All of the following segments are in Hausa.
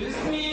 بسم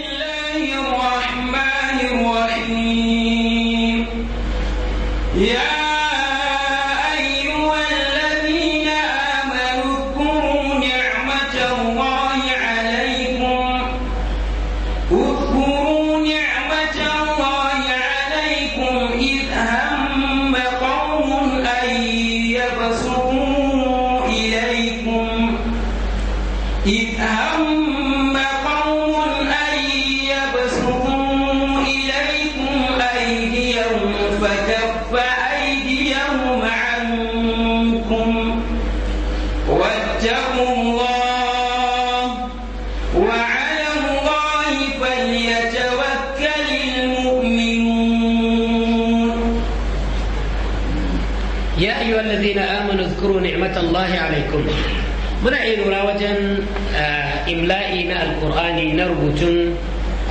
lura wajen eh, imla'i na alkur'ani na rubutun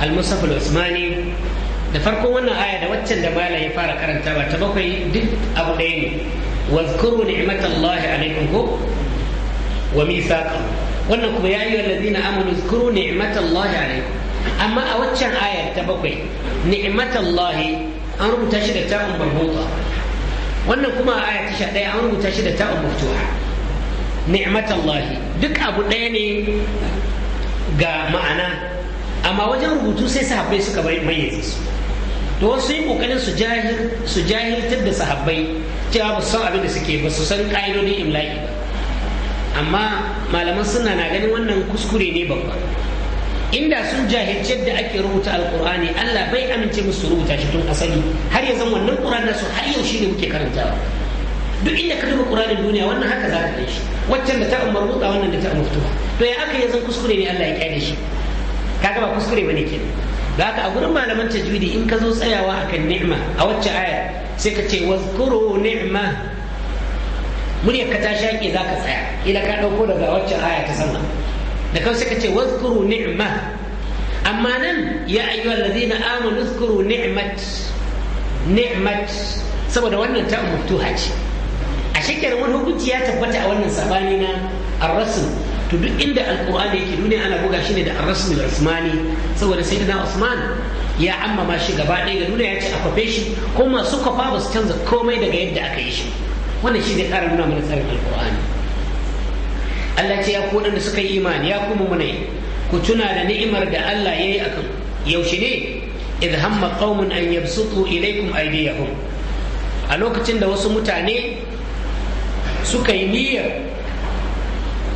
almusaf usmani da farkon wannan aya da waccan da bala ya fara karanta ba ta bakwai duk abu ɗaya ne wazkuru ni'matallahi alaikum ko wa mithaqa wannan kuma ya yi ladina amanu zkuru ni'matallahi alaikum amma a waccan aya ta bakwai ni'matallahi an rubuta shi da ta'un marbuta wannan kuma a aya ta sha ɗaya an rubuta shi da ta'un maftuha ni'matallahi duk abu ɗaya ne ga ma'ana amma wajen rubutu sai sahabbai suka bayyana su to wasu yi kokarin su jahil su jahiltar da sahabbai cewa ba su san abin da suke ba su san ka'idodin imla'i ba amma malaman suna na ganin wannan kuskure ne babba inda sun jahilci da ake rubuta Alƙur'ani allah bai amince musu rubuta shi tun asali har yanzu wannan ƙuran nasu har yau shi ne muke karantawa duk inda ka duba ƙuranin duniya wannan haka za ka gan shi waccan da ta umar mutsa wannan da ta umar to ya aka yi zan kuskure ne Allah ya kyale shi Ka ba kuskure bane kenan da haka a gurin malaman tajwidi in ka zo tsayawa akan ni'ma a wacce aya sai ka ce wazkuru ni'ma muryar ka ta shaƙe za ka tsaya ila ka ɗauko daga wacce aya ta sama da kawai sai ka ce wazkuru ni'ma amma nan ya ayyuhal ladina amanu zkuru ni'mat ni'mat saboda wannan ta muftuha ce a shekar wani hukunci ya tabbata a wannan sabani na arrasul to duk inda alkur'ani yake duniya ana buga shi ne da arrasul usmani saboda sai sayyidina usman ya ammama shi gaba ɗaya ga duniya ya ce a kwafe shi ko masu kwafa ba su canza komai daga yadda aka yi shi wannan shi zai ƙara nuna mana tsarin alkur'ani Allah ce ya ku waɗanda suka yi imani ya kuma yi, ku tuna da ni'imar da Allah ya yi akan yaushe ne idh hamma qaumun an yabsutu ilaykum aydiyahum a lokacin da wasu mutane suka yi niyyar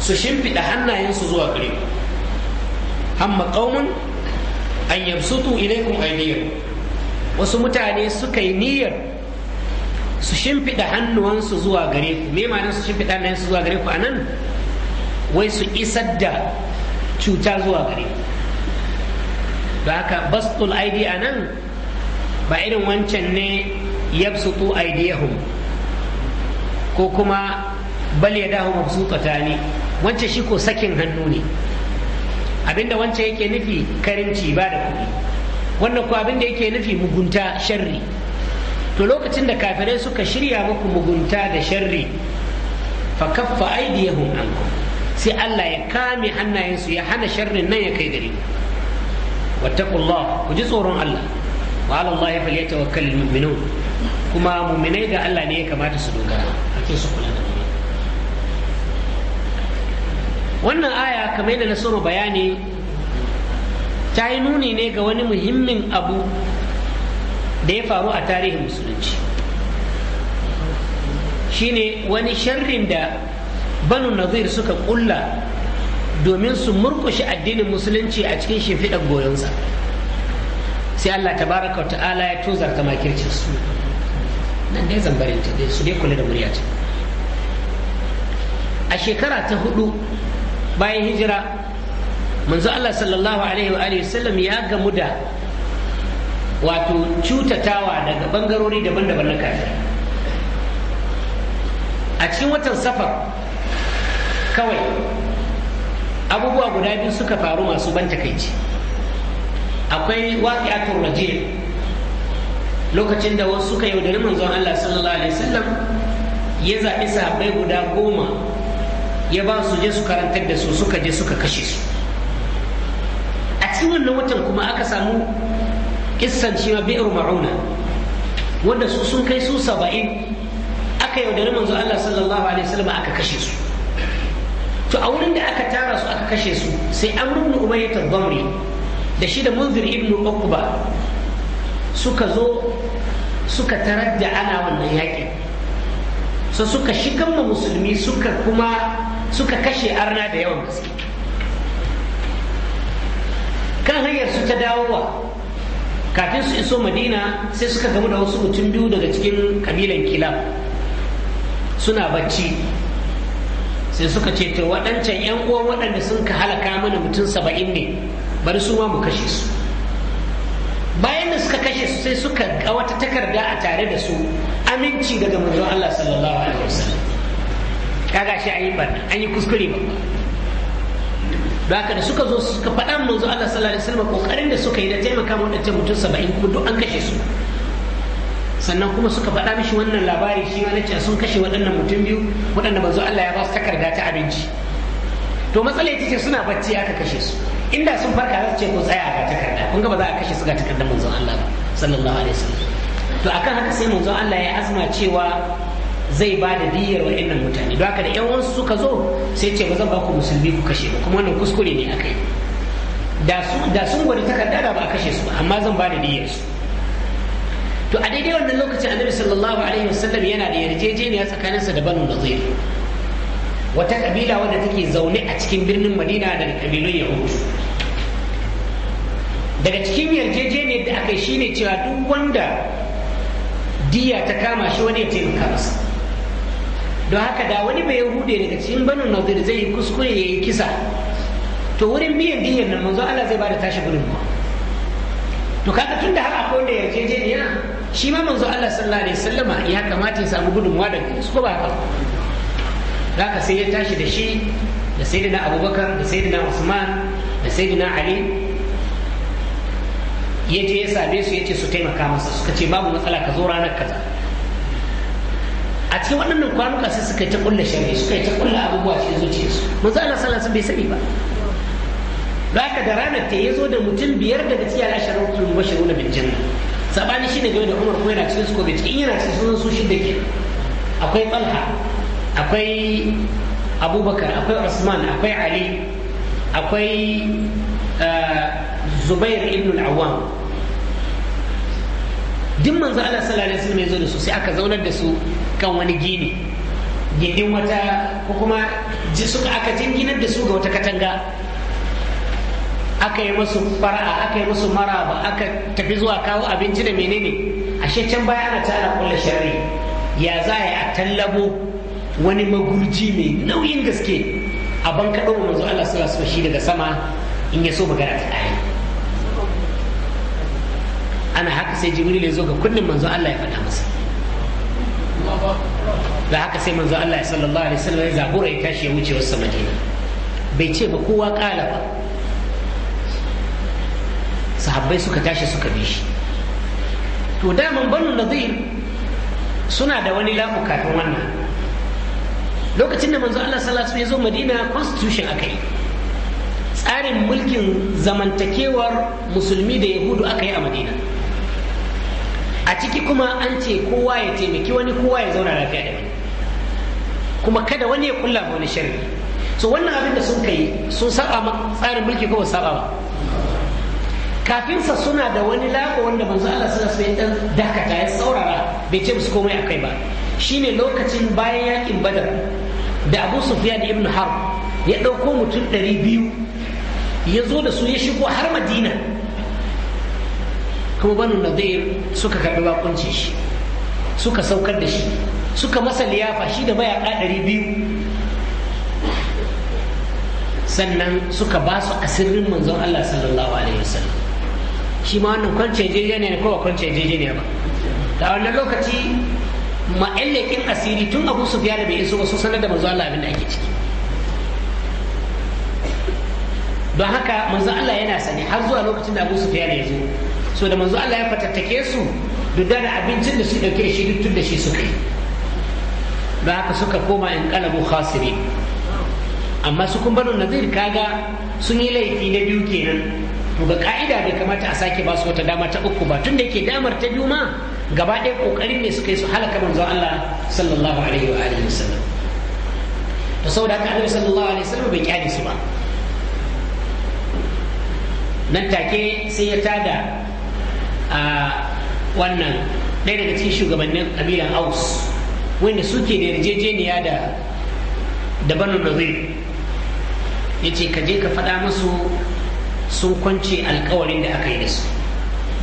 su shimfiɗa hannayensu zuwa gare ku amma qaumun an yabsutu ilaykum niyyar, wasu mutane suka yi niyyar su shimfiɗa hannuwansu zuwa gare ku me ma'anar su shimfiɗa hannayensu zuwa gare ku a nan wai su isar da cuta zuwa gare ku da haka bastul aidi a nan ba irin wancan ne yabsutu aidiyahum ko kuma bal ya dahu mabsutata ne wancan shi ko sakin hannu ne abinda wancan yake nufi karimci ba da kuɗi wannan ko abinda yake nufi mugunta sharri to lokacin da kafirai suka shirya muku mugunta da sharri fa kaffa aydiyahum ankum sai Allah ya kame hannayensu ya hana sharrin nan ya kai gare ku wattaqullah ku ji tsoron Allah wa ala Allah falyatawakkalul mu'minun kuma mu'minai da Allah ne ya kamata su dogara sai su kula da gare wannan aya kamar yadda nasaru bayani ta yi nuni ne ga wani muhimmin abu da ya faru a tarihin musulunci shine wani sharrin da banu nazir suka kulla domin su murkushe addinin musulunci a cikin shimfiɗar goyonsa sai allah tabaraka wa ta'ala ya tozarta makircinsu su nan dai zambarin ta dai su dai kula da murya a shekara ta hudu bayan hijira manzo Allah sallallahu alaihi wa alihi sallam ya gamu da wato cutatawa daga bangarori daban-daban na kafir a cikin watan safar kawai abubuwa guda biyu suka faru masu ban takaici akwai waƙi'atul rajim lokacin da wasu suka yaudari manzon Allah sallallahu alaihi wasallam ya zaɓi sahabbai guda goma ya ba su je su karantar da su suka je suka kashe su a cikin wannan watan kuma aka samu kissan cewa bi'ir ma'una wanda su sun kai su saba'in aka yaudari manzo Allah sallallahu alaihi wasallam aka kashe su to a wurin da aka tara su aka kashe su sai amr ibn umayyah ad-damri da shi da munzir ibn uqba suka zo suka tarar da ana wannan yakin so suka ma musulmi suka kuma suka kashe arna da yawan gaske kan hanyar su ta dawowa kafin su iso madina sai suka gamu da wasu mutum biyu daga cikin kabilan kila suna bacci sai suka ce to waɗancan 'yan uwan waɗanda sun ka halaka mana mutum saba'in ne bari su ma mu kashe su bayan da suka kashe su sai suka ga wata takarda a tare da su aminci daga manzon Allah sallallahu alaihi wasallam kaga shi an yi an yi kuskure ba da haka da suka zo suka faɗa zo Allah sallallahu alaihi wasallam kokarin da suka yi da taimaka mu wadancan mutum 70 kuma duk an kashe su sannan kuma suka faɗa mishi wannan labari shi ma nace sun kashe waɗannan mutum biyu waɗanda bazo Allah ya ba su takarda ta abinci to matsala ita ce suna bacci aka kashe su inda sun farka za su ce ko tsaya ga takarda kun ga ba za a kashe su ga takardar manzo Allah sallallahu alaihi wasallam to akan haka sai manzo Allah ya azma cewa zai ba da diyyar wa'annan mutane don haka da yan wasu suka zo sai ce ba zan ba ku musulmi ku kashe ba kuma wannan kuskure ne akai da da sun gwada takarda da ba a kashe su ba amma zan ba da diyyar su to a daidai wannan lokacin annabi sallallahu alaihi wasallam yana da yarjejeniya tsakaninsa da banu nazir wata kabila wadda take zaune a cikin birnin madina daga kabilun yahudu daga cikin yarjejeniyar da aka yi shine cewa duk wanda diya ta kama shi wani ya taimaka masa don haka da wani bai yahude daga cikin banu nazir zai yi kuskure ya yi kisa to wurin biyan diyan nan manzo Allah zai bada tashi gurin to kaga tun da har akwai wanda yarjejeniya shi ma manzo Allah sallallahu alaihi wasallama ya kamata ya samu gudunmuwa daga su ko ba haka da haka sai ya tashi da shi da sayyidina Abubakar da sayyidina Usman da sayyidina Ali ya je ya same su ya ce su taimaka masa suka ce babu matsala ka zo ranar kaza a cikin waɗannan kwanuka sai suka ta kulla shari'a suka ta kulla abubuwa cikin zuciyarsu manzo Allah sallallahu alaihi bai sani ba da haka da ranar ta yazo da mutum biyar daga cikin al'asharar mutum bashiru na bin janna sabani shine game da Umar ko yana cikin su ko bai cikin yana cikin sunan su shidda ke akwai Talha akwai Abubakar akwai Usman akwai Ali akwai eh, Zubair ibn al-Awwam duk manzo Allah sallallahu alaihi wasallam ya zo da su sai aka zaunar da su kan wani gini gindin wata ko kuma suka aka jinginar da su ga wata katanga aka yi masu fara'a aka yi masu maraba aka tafi zuwa kawo abinci da menene a can baya ana ta ana kulla ya za a tallabo wani magurji mai nauyin gaske a ban kaɗo wa manzo Allah sallallahu alaihi shi daga sama in ya so magana ta ayi ana haka sai jibril ya zo ga kullum manzo Allah ya faɗa masa da haka sai manzo Allah sallallahu alaihi wasallam ya zabura ya tashi ya wuce wasu madina bai ce ba kowa kala ba sahabbai suka tashi suka bi shi to daman banu nadir suna da wani lamu kafin wannan lokacin da manzo Allah sallallahu alaihi wasallam ya zo madina constitution aka yi tsarin mulkin zamantakewar musulmi da yahudu aka yi a madina a ciki kuma an ce kowa ya taimaki wani kowa ya zauna lafiya da wani kuma kada wani ya kulla wani sharri so wannan abin da sun kai sun saba ma tsarin mulki ko saba ba kafinsa suna da wani lako wanda manzo Allah suna alaihi ɗan dan dakata ya saurara bai ce musu komai akai ba shine lokacin bayan yakin badar da Abu Sufyan ibn Harb ya dauko mutum 200 ya zo da su ya shigo har Madina kuma banu nadir suka karɓi bakunci shi suka saukar da shi suka masa liyafa shi da mayaƙa ɗari biyu sannan suka ba su asirin manzon Allah sallallahu alaihi wasallam shi ma wannan kwance jeje ne ko kwance jeje ne ba da wannan lokaci ma'allakin asiri tun abu su biya da bai iso su sanar da manzon Allah abin da ake ciki don haka manzon Allah yana sani har zuwa lokacin da abu su biya da ya zo so da manzo Allah ya fatattake su duk da abincin da su dauke shi duk tun da shi suka yi don haka suka koma in kalabu khasiri amma su kun banu nazir kaga sun yi laifi na biyu kenan to ga ka'ida bai kamata a sake ba su wata dama ta uku ba tun da ke damar ta biyu ma gaba ɗaya ƙoƙarin ne suka yi su halaka manzo Allah sallallahu alaihi wa alihi wasallam to saboda haka annabi sallallahu alaihi wasallam bai kyale su ba nan take sai ya tada a wannan ɗaya daga cikin shugabannin kabilan aus wanda suke da yarjejeniya da da zai ya ce ka je ka faɗa musu sun kwance alkawarin da aka yi da su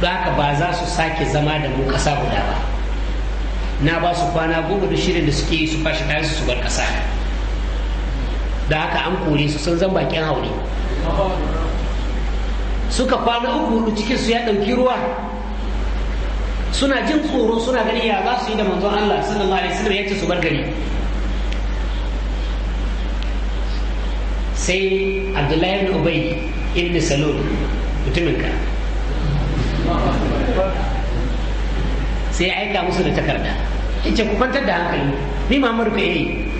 don haka ba za su sake zama da mu ƙasa guda ba na ba su kwana goma da shirin da suke su fashi ɗaya su bar ƙasa da haka an kore su sun zan bakin haure suka kwana uku hudu cikin su ya ɗauki ruwa suna jin tsoro suna ganin ya za su yi da manzon Allah sallallahu alaihi wasallam ya ce su bar gari sai Abdullahi ibn Ubay ibn Salul mutumin ka sai aika musu da takarda ya ce ku kwantar da hankali ni Muhammadu ka yi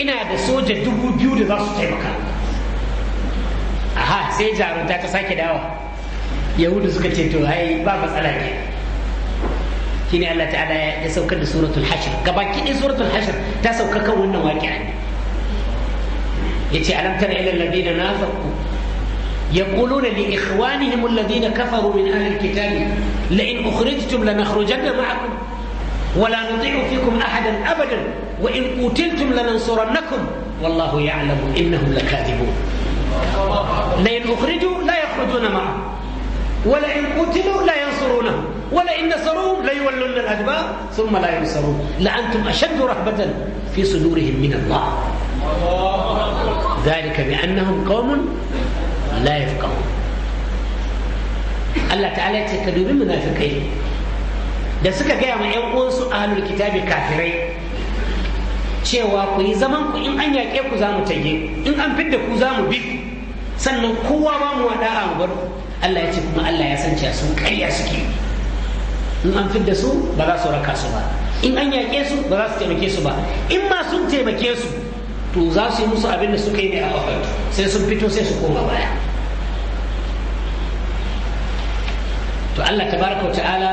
ina da soja dubu biyu da za su taimaka aha sai jarunta ta sake dawo. يهود سكتتوا هاي باب مسألة كيني الله تعالى يسوك سورة الحشر قبا كيني سورة الحشر تسوك كون واقع يتي ألم تر إلى الذين نافقوا يقولون لإخوانهم الذين كفروا من أهل الكتاب لئن أخرجتم لنخرجن معكم ولا نطيع فيكم أحدا أبدا وإن قتلتم لننصرنكم والله يعلم إنهم لكاذبون لئن أخرجوا لا يخرجون معهم ولئن قتلوا لا ينصرونهم ولئن نصروهم ليولون الأدبار ثم لا ينصرون لأنتم أشد رهبة في صدورهم من الله ذلك بأنهم قوم لا يفقهون الله تعالى يتكدوا بالمنافقين da suka gaya ma 'yan uwansu ahlul kitabi kafirai cewa ku yi zaman ku in an yaƙe ku za mu tanye in an fidda ku za mu bi sannan kowa ba mu wada'a mu bar Allah ya ce kuma Allah ya san cewa sun karya suke in an fidda su ba za su raka su ba in an yaƙe su ba za su taimake su ba in ma sun taimake su to za su yi musu abin da suka yi ne a Uhud sai sun fito sai su koma baya to Allah tabaraka wa ta'ala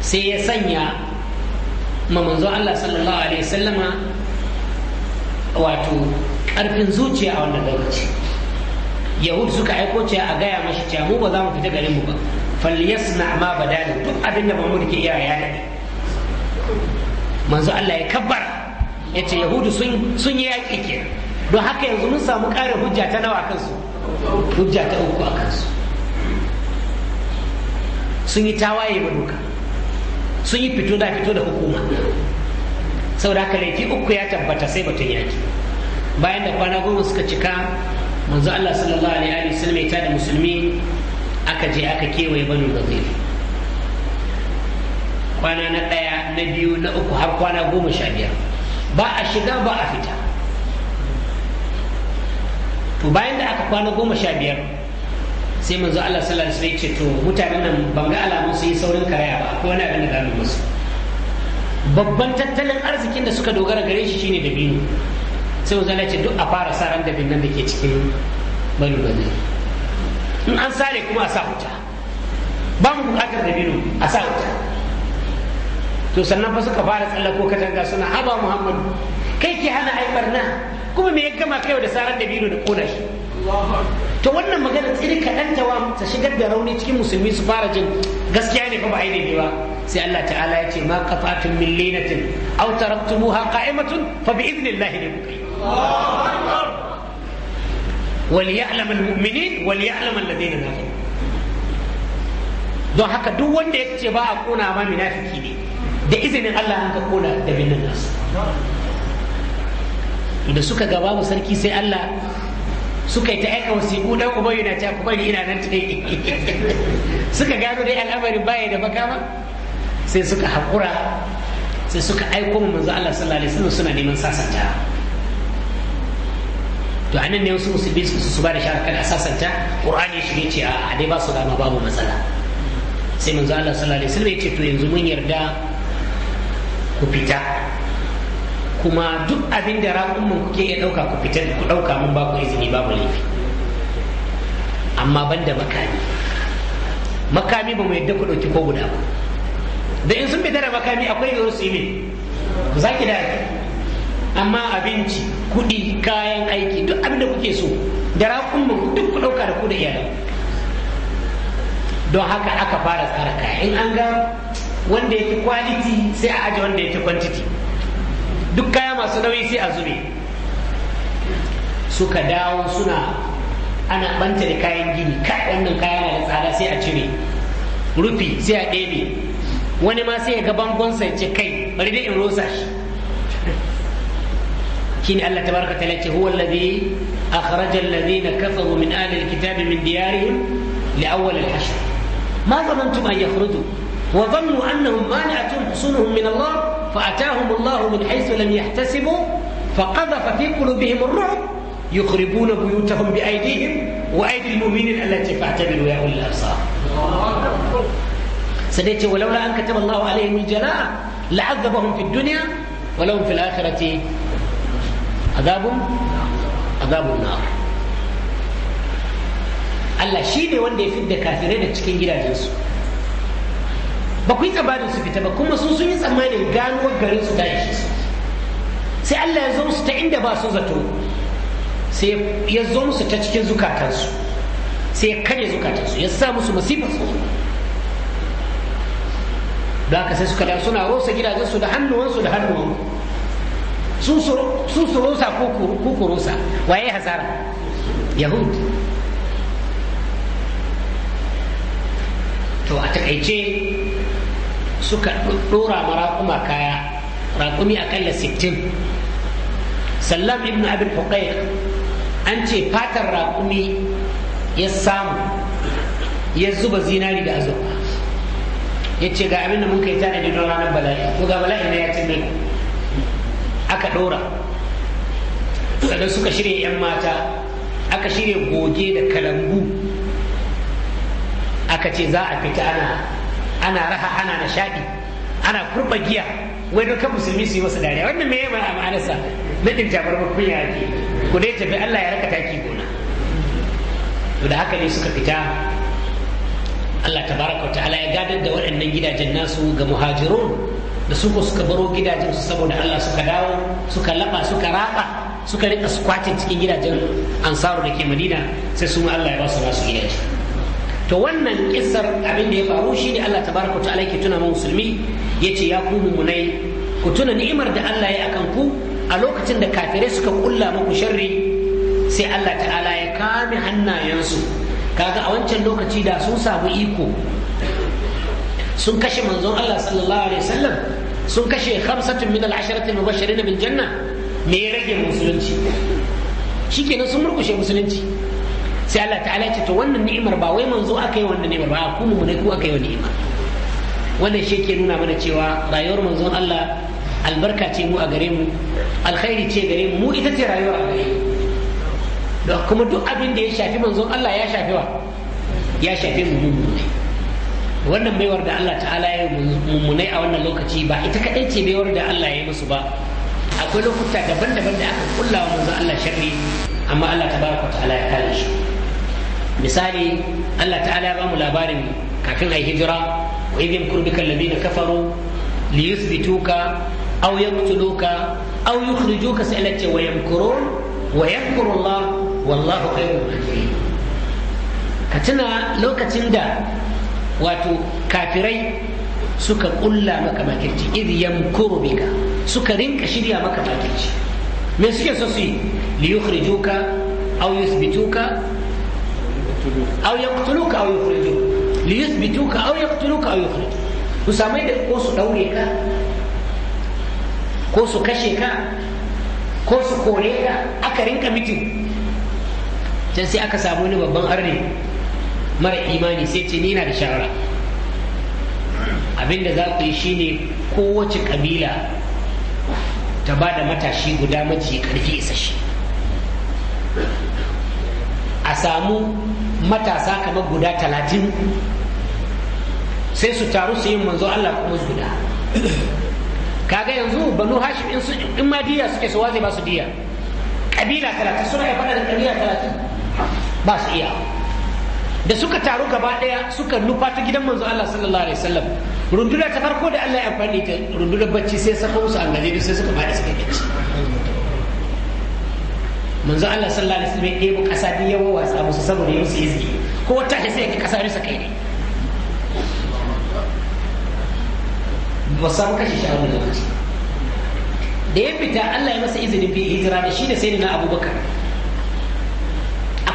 sai ya sanya ma manzo Allah sallallahu alaihi wasallama wato ƙarfin zuciya a wannan lokaci yahud suka aiko ce a gaya mashi cewa mu ba za mu fita garin mu ba falyasna ma badalin duk abin da mamu ke iya ya dade manzo Allah ya kabbar ya ce yahudu sun sun yi yaƙi kenan don haka yanzu mun samu ƙarin hujja ta nawa kansu hujja ta uku a kansu sun yi tawaye ba duka sun yi fito da fito da hukuma saboda haka laifi uku ya tabbata sai batun yaki bayan da kwana goma suka cika manzo Allah sallallahu alaihi wa sallam ya tada musulmi aka je aka kewaye banu nazir kwana na ɗaya na biyu na uku har kwana goma sha biyar ba a shiga ba a fita to bayan da aka kwana goma sha biyar sai manzo Allah sallallahu alaihi wa sallam ya ce to mutanen nan ban ga alamun su yi saurin karaya ba akwai wani abin da za musu babban tattalin arzikin da suka dogara gare shi shine dabino sai wajen ce duk a fara sa ran dabin nan da ke cikin bani in an sare kuma a sa wuta ba mu bukatar dabino a sa wuta to sannan ba suka fara tsallako katanga suna haba muhammadu kai ke hana ai barna kuma me ya gama kai da sarar dabino da kona shi to wannan magana tsiri kaɗan tawa ta shigar da rauni cikin musulmi su fara jin gaskiya ne fa ba aini ne ba sai Allah ta'ala ya ce ma qatatun min linatin aw taraktumuha qa'imatun fa bi idnillahi ne وليعلم المؤمنين وليعلم الذين نافقوا don haka duk wanda ya ce ba a kona ma munafiki ne da izinin Allah an ka kona da binnan nasu da suka ga babu sarki sai Allah suka yi ta aika wasiƙu dan uba yana ta ku bari ina nan ta suka gano dai al'amarin baya da makama sai suka haƙura sai suka aiko mu manzo Allah sallallahu alaihi wasallam suna neman sasanta to a nan ne wasu musulmi su su ba da shara kada a qur'ani shi shige ce a dai ba su dama babu matsala sai manzo Allah sallallahu alaihi wasallam ya ce to yanzu mun yarda ku fita kuma duk abin da mun kuke ya ɗauka ku fitar ku ɗauka mun ba ku izini babu laifi amma ban da makami makami ba mu yadda ku ɗauki ko guda ba da in sun fita da makami akwai yiwuwar su yi ne ku zaki da amma abinci kuɗi kayan aiki duk abin kuke so da raƙun duk ku ɗauka da ku da iyalan don haka aka fara tsara kaya in an ga wanda yake kwaliti sai a aje wanda yake kwantiti duk kaya masu nauyi sai a zube suka dawo suna ana banta da kayan gini kai wannan kaya na da tsada sai a cire rufi sai a ɗebe wani ma sai ya ga bangon sai ce kai bari da in rosa shi شين الله تبارك وتعالى هو الذي أخرج الذين كفروا من أهل الكتاب من ديارهم لأول الحشر ما ظننتم أن يخرجوا وظنوا أنهم مانعتهم حصونهم من الله فأتاهم الله من حيث لم يحتسبوا فقذف في قلوبهم الرعب يخربون بيوتهم بأيديهم وأيدي المؤمنين التي فاعتبروا يا أولي الأبصار سديتي ولولا أن كتب الله عليهم الجلاء لعذبهم في الدنيا ولهم في الآخرة azabun azabun na Allah shi ne wanda ya fidda kafirai da cikin gidajensu ba ku yi tsammanin su fita ba kuma sun yi tsammanin ganuwar garin su dashi su sai Allah ya zo musu ta inda ba su zato sai ya zo musu ta cikin zukatansu sai ya karya zukatansu ya sa musu masifar tsoro da haka sai suka da suna rosa gidajensu da hannuwansu da hannuwansu su su rusa ko ku rusa waye hasara yahud to a takaice suka dora maraƙuma kaya raƙumi kalla sittin sallam ibn abin huqayq an ce fatar raƙumi ya samu ya zuba zinari da azurfa ya ce ga abin da mun kai tana don ranar bala'i ko ga bala'i na ya ce mai aka ɗora sannan suka shirya 'yan mata aka shirya goge da kalangu aka ce za a fita ana ana raha ana nishaɗi ana kurba giya wai duka musulmi su yi masa dariya wannan me a ma'anarsa na ɗin tabar kunya ke, ku dai tafi Allah ya raka taki gona to da haka ne suka fita Allah tabaraka wa ta'ala ya gadar da waɗannan gidajen nasu ga muhajirun da su suka baro gidajen su saboda Allah suka dawo suka laba suka raba suka rika su kwace cikin gidajen ansaru da ke Madina sai su ma Allah ya ba su nasu gidaje to wannan kissar abin da ya faru shi ne Allah tabaraka ta'ala yake tuna mu musulmi yace ya ku munai ku tuna ni'imar da Allah ya akan ku a lokacin da kafirai suka kulla muku sharri sai Allah ta'ala ya kame hannayensu kaga a wancan lokaci da sun samu iko sun kashe manzon Allah sallallahu alaihi wasallam sun kashe khamsatun min al-asharati al-mubashirin bil janna me ya rage musulunci shikenan sun murkushe musulunci sai Allah ta'ala ya ce to wannan ni'imar ba wai manzo aka yi wannan ni'imar ba ku mu ne ku aka yi wannan ni'imar wannan shi ke nuna mana cewa rayuwar manzo Allah albarka ce mu a gare mu alkhairi ce gare mu ita ce rayuwar a gare mu kuma duk abin da ya shafi manzon Allah ya shafi wa ya shafi mu mu ne wannan baiwar da Allah ta'ala ya mummunai a wannan lokaci ba ita kaɗai ce baiwar da Allah ya musu ba akwai lokuta daban-daban da aka kulla wa manzo Allah sharri amma Allah tabaraka ta'ala ya kare shi misali Allah ta'ala ya bamu labarin kafin ai hijira wa idh yamkuru alladhina kafaru li yuthbituka aw yaqtuluka aw yukhrijuka sa'alati wa yamkurun wa yamkuru Allah wallahu khayrul makirin ka tuna lokacin da wato kafirai suka kulla maka makirci idh yamkuru bika suka rinka shirya maka makirci me suke so su yi li yukhrijuka aw yuthbituka aw yaqtuluka aw yukhrijuka li yuthbituka aw yaqtuluka aw yukhrijuka Ku samai da ko su daure ka ko su kashe ka ko su kore ka aka rinka mitin can sai aka samu wani babban arne mara imani sai ce ni na da shawara abinda za ku yi shine kowace kabila ta ba da matashi guda mace karfi shi a samu matasa kamar guda talatin sai su taru su yi manzo Allah kuma guda kaga yanzu banu hashim in su in ma diya suke su wace ba su diya kabila talatin suna ya faɗa da kabila talatin ba su iya da suka taru gaba daya suka nufa ta gidan manzo Allah sallallahu alaihi wasallam runduna ta farko da Allah ya amfani ta runduna bacci sai saka musu an gaje sai suka fadi suka bacci manzo Allah sallallahu alaihi wasallam ya ɗebo ƙasa da yawa wasa musu saboda yau su izgi ko wata ta sai ka ƙasa ne saka ne ba samu kashi shi a wani lokaci da ya fita Allah ya masa izinin bi hijira da shi da sayyidina na Abubakar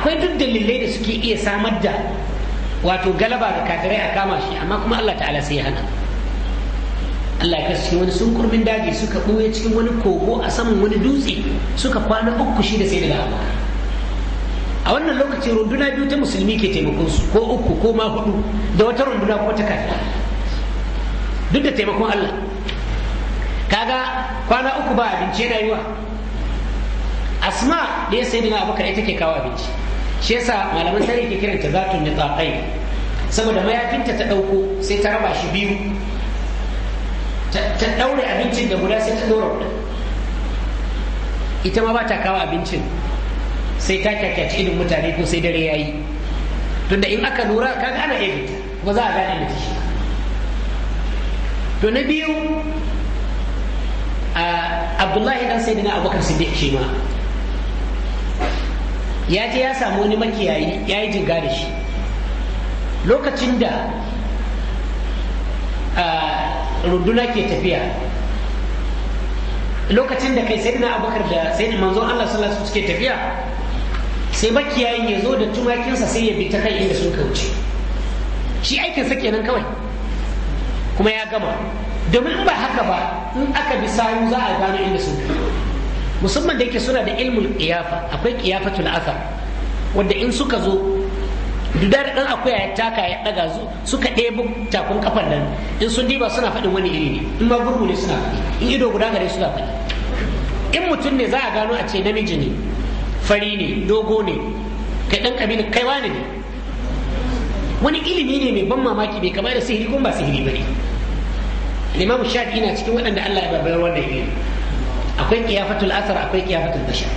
akwai duk dalilai da suke iya samar da wato galaba da kafirai a kama shi amma kuma Allah ta'ala sai ya hana Allah ya kasance wani sun kurmin daji suka ɓoye cikin wani kogo a saman wani dutse suka kwana uku shi da sai da abu a wannan lokaci runduna biyu ta musulmi ke taimakon su ko uku ko ma hudu da wata runduna ko ta kafi duk da taimakon Allah kaga kwana uku ba abinci yana yiwa asma da ya sai da abubakar ita ke kawo abinci shi yasa malaman tare ke kiranta zatun nitaqai saboda mayafinta ta ɗauko sai ta raba shi biyu ta ɗaure abincin da guda sai ta dora guda ita ma ba ta kawo abincin sai ta kyakkyaci irin mutane ko sai dare yayi tunda in aka lura kaga ana iya fita ba za a gane da shi to na biyu abdullahi dan sai abubakar siddiq shi ma ya je ya samu wani makiyayi ya yi jinga da shi lokacin da runduna ke tafiya lokacin da kai sayyidina abubakar da sayyidina manzon Allah sallallahu alaihi suke tafiya sai makiyayin ya zo da tumakinsa sai ya bi ta kai inda sun kauce shi aikinsa kenan kawai kuma ya gama domin ba haka ba in aka bi sayu za a gano inda sun kauce musamman da yake suna da ilmul kiyafa, akwai kiyafatul asar wanda in suka zo duda da ɗan akuya ya taka ya ɗaga zu suka ɗebi takun kafan nan in sun diba suna faɗin wani iri ne in ma gurgu ne suna faɗi in ido guda gare suna faɗi in mutum ne za a gano a ce namiji ne fari ne dogo ne kai ɗan ƙabila kai wani ne wani ilimi ne mai ban mamaki bai kama da sihiri kuma ba sihiri ba ne limamu shafi na cikin waɗanda allah ya babbar wannan ilimi akwai kiyafatul asar akwai kiyafatul bashar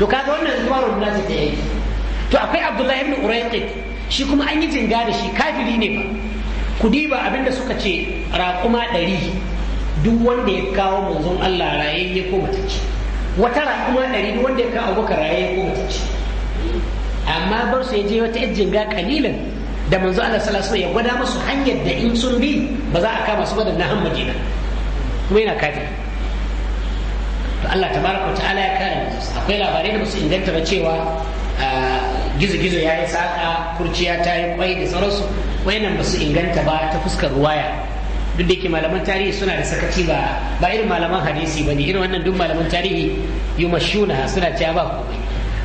to kaga wannan zuwarun nasi ta yake to akwai abdullahi ibn urayqit shi kuma an yi jinga da shi kafiri ne ba ku diba abinda suka ce raƙuma ɗari duk wanda ya kawo manzon Allah ya ko matacce wata raƙuma ɗari duk wanda ya kawo abubakar ya ko matacce amma bar su ya je wata yar jinga kalilan da manzo Allah sallallahu alaihi ya gwada musu hanyar da in sun bi ba za a kama su ba da na Madina kuma yana kafiri Allah tabaraka ta'ala ya kare akwai labarai da basu inganta ba cewa gizo-gizo ya yi saƙa kurciya ta yi kwai da sauransu nan ba su inganta ba ta fuskar ruwaya duk da ke malaman tarihi suna da sakaci ba ba irin malaman hadisi ba ne irin wannan duk malaman tarihi yi mashuna suna cewa ba ku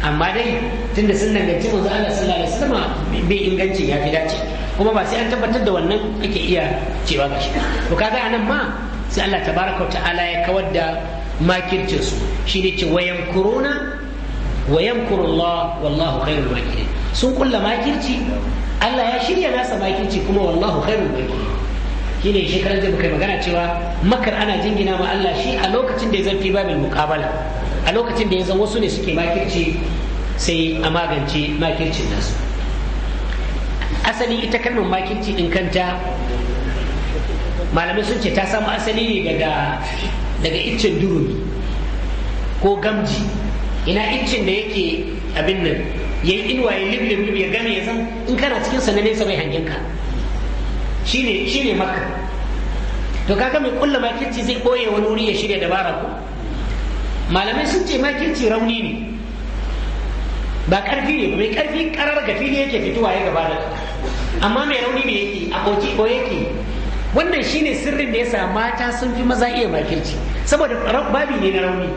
amma dai tunda sun danganci manzo Allah sallallahu alaihi wasallam bai inganci ya fi dace kuma ba sai an tabbatar da wannan ake iya cewa shi to kaga anan ma sai Allah tabaraka ta'ala ya kawar da makircinsu shi ne ce wayan kuruna wayan kurullah wallahu khairul makirin sun kulla makirci Allah ya shirya nasa makirci kuma wallahu khairul makirin shi ne shekarar da muka magana cewa makar ana jingina ma Allah shi a lokacin da ya zarfi babin mukabala a lokacin da ya zan wasu ne suke makirci sai a magance makircin nasu asali ita kalmar makirci din kanta malamai sun ce ta samu asali ne daga daga iccen durumi ko gamji ina iccen da yake abin nan ya yi inuwa ya liblib ya game ya san in kana cikin sa na nesa mai hangen ka Shi ne maka to kaka mai kulla makirci zai koye wani wuri ya shirya dabara ko malamai sun ce makirci rauni ne ba karfi ne mai karfi karar ga fili yake fitowa ya gaba da amma mai rauni ne yake a koki ko yake wannan shine sirrin da yasa mata sun fi maza iya makirci saboda babi ne na rauni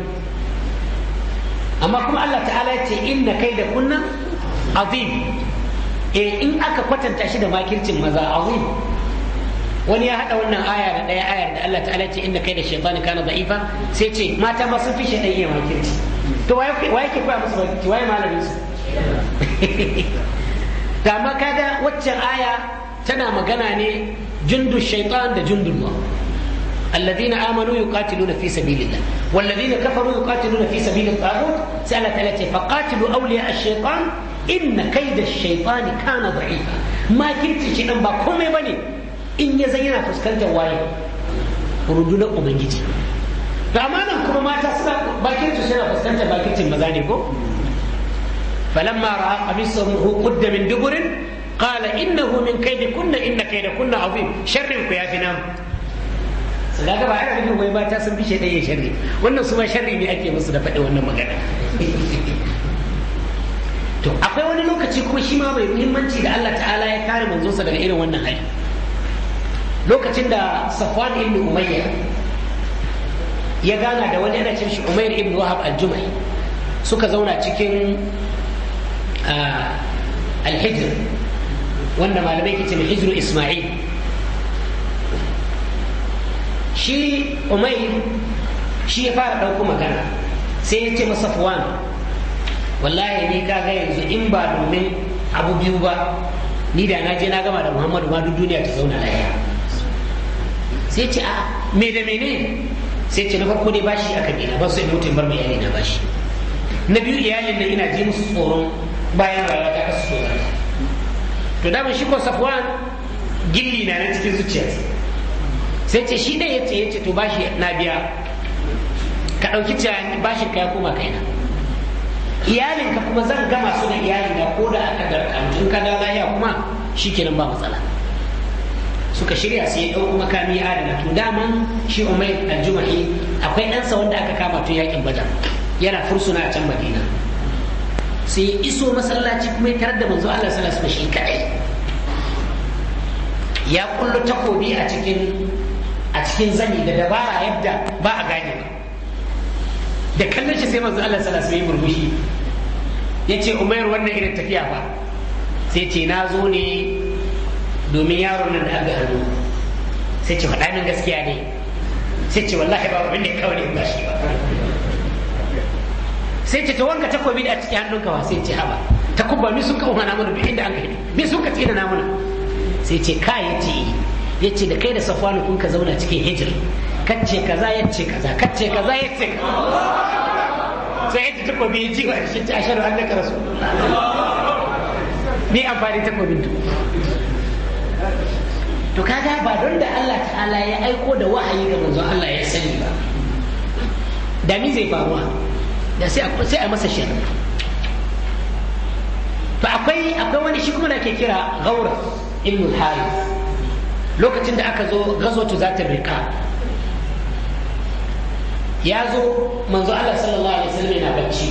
amma kuma Allah ta'ala ya ce inna kai da kunna azim e in aka kwatanta shi da makircin maza azim wani ya hada wannan aya da daya ayar da Allah ta'ala ya ce inna kai da shaytan kana da'ifa sai ce mata ma sun fi shaytan iya makirci to waye waye ke koya musu makirci waye malamin su da amma kaga waccan aya tana magana ne jundu shaytan da jundullah الذين امنوا يقاتلون في سبيل الله والذين كفروا يقاتلون في سبيل الطاغوت سألت التي فقاتلوا اولياء الشيطان ان كيد الشيطان كان ضعيفا ما كنت شيئا با komai bane in ya zai yana fuskantar waye rundunar ubangiji ramanan kuma mata suna bakin su فلما راى قميصه قد من دبر قال انه من كيدكن ان كيدكن عظيم شر قيادنا kaga ba a nufin wai mata sun fi shaidan ya sharri wannan su ma sharri ne ake musu da faɗi wannan magana to akwai wani lokaci kuma shi ma mai muhimmanci da Allah ta'ala ya kare sa daga irin wannan hali lokacin da Safwan ibn Umayya ya gana da wani ana cin shi Umayr ibn Wahab al jumai suka zauna cikin ah, al-Hijr wanda malamai ke ce Hijru Isma'il shi umai shi ya fara ɗauko magana sai ya ce masa fuwan wallahi ni kaga yanzu in ba domin abu biyu ba ni da na je na gama da muhammadu ma duk duniya ta zauna lafiya sai ce a me da mene sai ce na farko ne bashi aka gina ba su yi mutum bar mai yare na bashi na biyu iyalin da ina ji musu tsoron bayan rayuwa ta kasu tsoron to daman shi ko safuwan gilli na na cikin zuciyarsa sai ce shi dai yace yace to bashi na biya ka ɗauki cewa bashi ka ya koma kaina iyalinka kuma zan gama su da da ko da aka garkantu ka da lafiya kuma shikenan ba matsala suka shirya sai ya ɗauko makami adana to daman shi umai aljumahi akwai ɗansa wanda aka kama tun yakin badar yana fursuna a can madina sai iso masallaci kuma ya tarar da manzo Allah sallallahu alaihi wasallam shi ya kullu takobi a cikin cikin zani da dabara yadda ba a gane ba da kallon shi sai manzo Allah sallallahu alaihi wasallam murmushi yace Umayr wannan irin tafiya ba sai ce na zo ne domin yaron nan da aka hannu sai ce faɗa min gaskiya ne sai ce wallahi ba abin da kawai ne ba shi ba sai ce ta wanka takobi da a cikin hannunka wa sai ce haba takubba mi sun kawo umana mana bi inda an kai mi sun ka tsina na mana sai ce ka yace ya ce da kai da safwanu kun ka zauna cikin hijir kacce kaza ya ce kaza kacce kaza ya ce sai yadda takobi ya ji wa shi ta shaɗu an daga rasu Ni amfani takobin to to kaga ba don da Allah ta'ala ya aiko da wahayi ga manzo Allah ya sani ba da ni zai faruwa da sai a masa shari'a to akwai akwai wani shi kuma da ke kira gaura ilmul harith lokacin da aka zo gazo za ta rika ya zo manzo Allah sallallahu alaihi wasallam yana bacci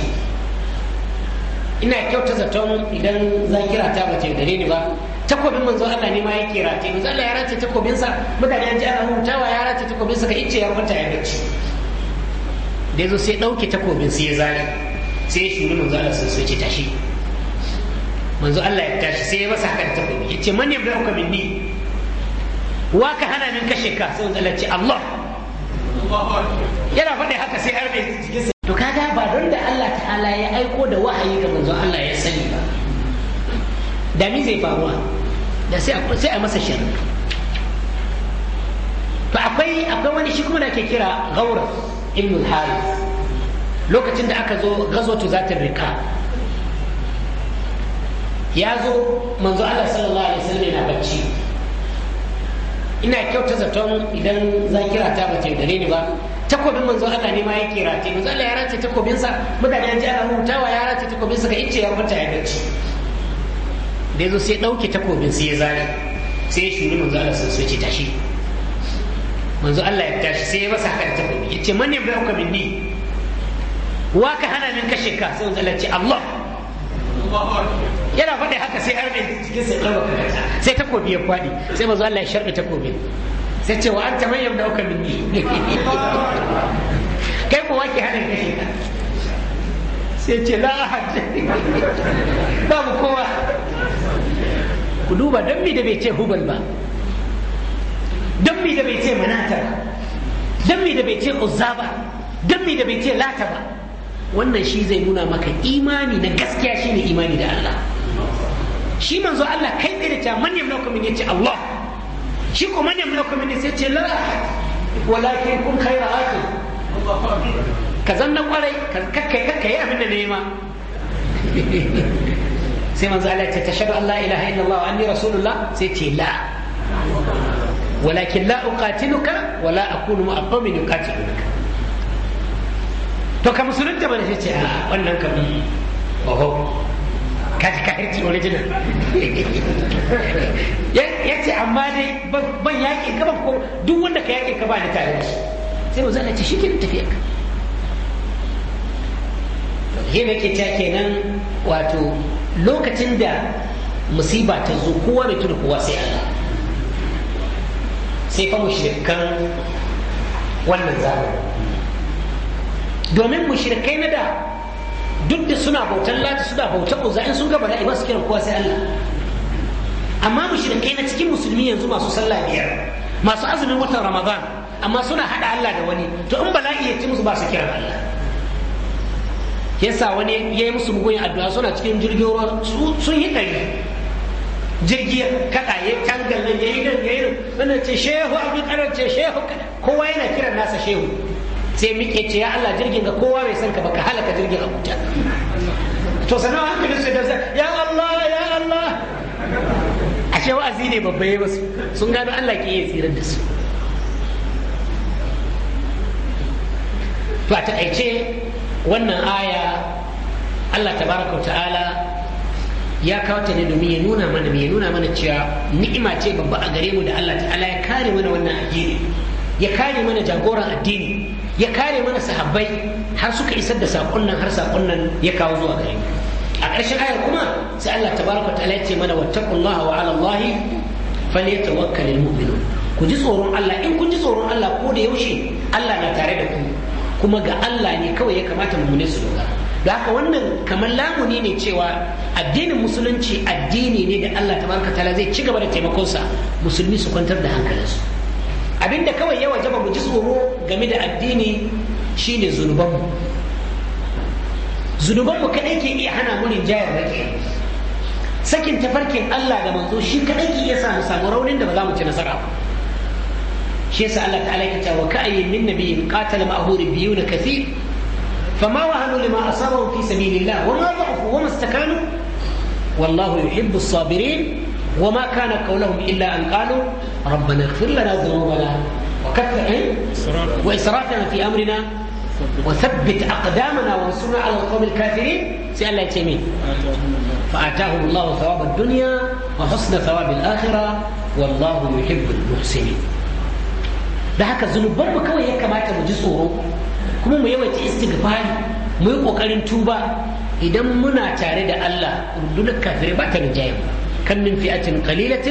ina kyauta zaton idan zakira ta bace gare ni ba takobin manzo Allah ne ma ya kira ta manzo Allah ya race takobin sa mutane an ji ana hutawa ya race takobin sa ka ice ya kwanta ya bacci da yazo sai dauke takobin sai ya zare sai ya shiru manzo Allah sai ce tashi manzo Allah ya tashi sai ya masa hakan takobi yace man yabda'uka minni Waka hana min kashe ka sai wanda Allah ce Allah yana faɗi haka sai har cikin to kaga ba don da Allah ta'ala ya aiko da wahayi ga manzon Allah ya sani ba da mi zai faruwa da sai a masa sharri to akwai akwai wani shi kuma da ke kira gauras ibn harith lokacin da aka zo gazotu zatin rika ya zo manzo Allah sallallahu alaihi wasallam yana bacci ina kyauta zaton idan kira ta bace gare ni ba takobin manzo Allah ne ma kira ta manzo Allah ya race sa mutane an ji ana rubutawa ya race sa ga ice ya kwanta ya gaci da yazo sai dauke takobin sai ya zare sai ya shuri manzo Allah sai ya ce tashi manzo Allah ya tashi sai ya masa haka da takobi yace man ka minni wa ka hana min kashe ka sai manzo Allah ya ce Allah yana faɗi haka sai harbe cikin sai ɗaga sai takobi ya faɗi sai mazu Allah ya sharbe takobi sai ce wa an ta manyan da ukan minni kai ko wake hada kashe sai ce la ahad babu kowa ku duba dan bi da bai ce hubal ba dan bi da bai ce manata ba dan bi da bai ce uzza ba dan bi da bai ce lata ba wannan shi zai nuna maka imani na gaskiya shi ne imani da Allah shi manzo Allah kai tsaye da ta man yamlaka ya yace Allah shi ko man yamlaka min sai ce la walakin kun khaira hakim ka zanna kwarai ka kakkai kakkai abin da nema sai manzo Allah ya ce tashhadu an la ilaha illallah wa anni rasulullah sai ce la walakin la uqatiluka wala akunu ma aqamin to ka musulunta ba sai ce a ah, wannan kabi oho ka ji kahirci original ya ce amma dai ban yaƙi ka ba ko duk wanda ka yaƙi ka ba ni tare da shi sai mu zana ce shi ke tafiya ka yin yake ta kenan wato lokacin da musiba ta zo kowa mai tuna kowa sai Allah sai fa mushrikan wannan zamanin domin mushrikai na da duk da suna bautan lati suna bautan uza in sun gaba da'i ba su kiran kowa sai Allah amma mushrikai na cikin musulmi yanzu masu sallah biyar masu azumin watan ramadan amma suna hada Allah da wani to in bala'i ya ci musu ba su kiran Allah yasa wani ya yi musu mugun addu'a suna cikin jirgin ruwa sun yi ɗari jirgi kaɗa ya tangalle ya yi nan ya nan ce shehu abin ƙarar ce shehu kowa yana kiran nasa shehu sai muke ce ya Allah jirgin ga kowa bai san ka ba ka halaka jirgin a wuta to sanawa hankalin su da ya Allah ya Allah A ashe wa'azi ne babba ya basu sun gano Allah ke iya tsirar da su to a taƙaice wannan aya Allah tabaraka ta'ala ya kawo ta ne domin ya nuna mana ya nuna mana cewa ni'ima ce babba a gare mu da Allah ta'ala ya kare mana wannan addini ya kare mana jagoran addini ya kare mana sahabbai har suka isar da sakon nan har sakon nan ya kawo zuwa gare mu a ƙarshen ayar kuma sai Allah tabaraka ta'ala ya ce mana wattaqullaha wa 'ala Allahi falyatawakkalul mu'minun ku ji tsoron Allah in kun ji tsoron Allah ko da yaushe Allah na tare da ku kuma ga Allah ne kawai ya kamata mu ne su dogara da haka wannan kamar lamuni ne cewa addinin musulunci addini ne da Allah tabaraka ta'ala zai ci gaba da taimakonsa musulmi su kwantar da hankalinsu abinda kawai ya wajaba mu ji tsoro game da addini shine zunubanmu zunubanmu kadai ke iya hana mu rinjayar rake sakin tafarkin Allah da manzo shi kadai ke iya sa mu samu raunin da ba za mu ci nasara ba shi yasa Allah ta'ala ya ce wa ka'ayyin min nabiyyin qatala ma'ahu rabbiyuna kathir فما وهنوا لما أصابهم في سبيل الله وما ضعفوا وما استكانوا والله يحب الصابرين وما كان قولهم إلا أن قالوا ربنا اغفر لنا ذنوبنا وكفر وإسرافنا في أمرنا وثبت أقدامنا وانصرنا على القوم الكافرين سأل الله يتيمين فآتاهم الله ثواب الدنيا وحسن ثواب الآخرة والله يحب المحسنين da haka zunubar mu kawai ya kamata mu ji tsoro kuma mu yawaita istighfari mu yi kokarin tuba idan muna tare da Allah rundunar kafirai ba ta rinjaye ba كم من فئة قليلة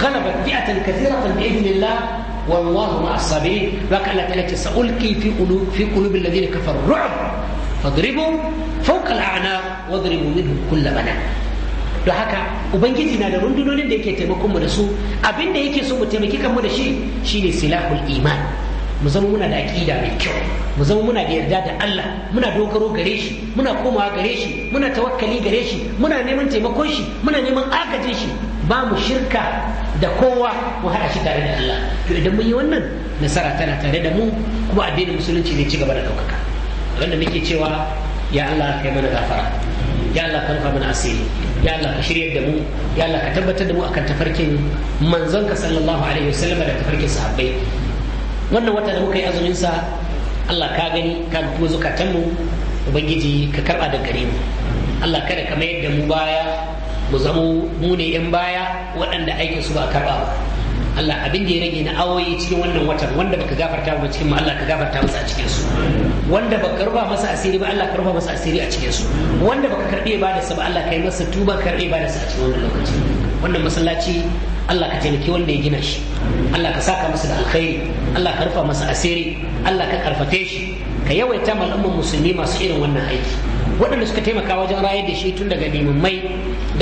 غلبت فئة كثيرة بإذن الله والله مع الصابرين لك الله تعالى سألقي في قلوب في قلوب الذين كفروا الرعب فاضربوا فوق الأعناق واضربوا منهم كل بنان don haka ubangiji na da rundunonin da yake taimakon mu da su abin da yake so mu taimaki kanmu da shi shine silahul iman mu zama muna da aƙida mai kyau mu zama muna da yarda da Allah muna dogaro gare shi muna komawa gare shi muna tawakkali gare shi muna neman taimakon shi muna neman agajin shi ba mu shirka da kowa mu haɗa shi tare da Allah to idan mun yi wannan nasara tana tare da mu kuma addinin musulunci ne ci gaba da ɗaukaka wanda muke cewa ya Allah kai mana gafara ya Allah ka rufa mana asiri ya Allah ka shiryar da mu ya Allah ka tabbatar da mu akan tafarkin manzonka sallallahu alaihi wasallam da tafarkin sahabbai wannan wata da muka yi azumin sa Allah ka gani ka kuma zukatan mu ubangiji ka karba da gare mu Allah kada ka mayar da mu baya mu zamo mu ne yan baya waɗanda aikin su ba karba ba Allah abin da ya rage na awoyi cikin wannan watan wanda baka gafarta ba cikin Allah ka gafarta masa a cikin su wanda baka karba masa asiri ba Allah ka karba masa asiri a cikin su wanda baka karbe ba da sa ba Allah ka yi masa tuba karbe ba da sa a cikin wannan lokaci wannan masallaci Allah ka taimaki wanda ya gina shi Allah ka saka masa da alkhairi Allah ka rufa masa asiri Allah ka karfate shi ka yawaita mal'umman musulmi masu irin wannan aiki waɗanda suka taimaka wajen rayar da shi tun daga limammai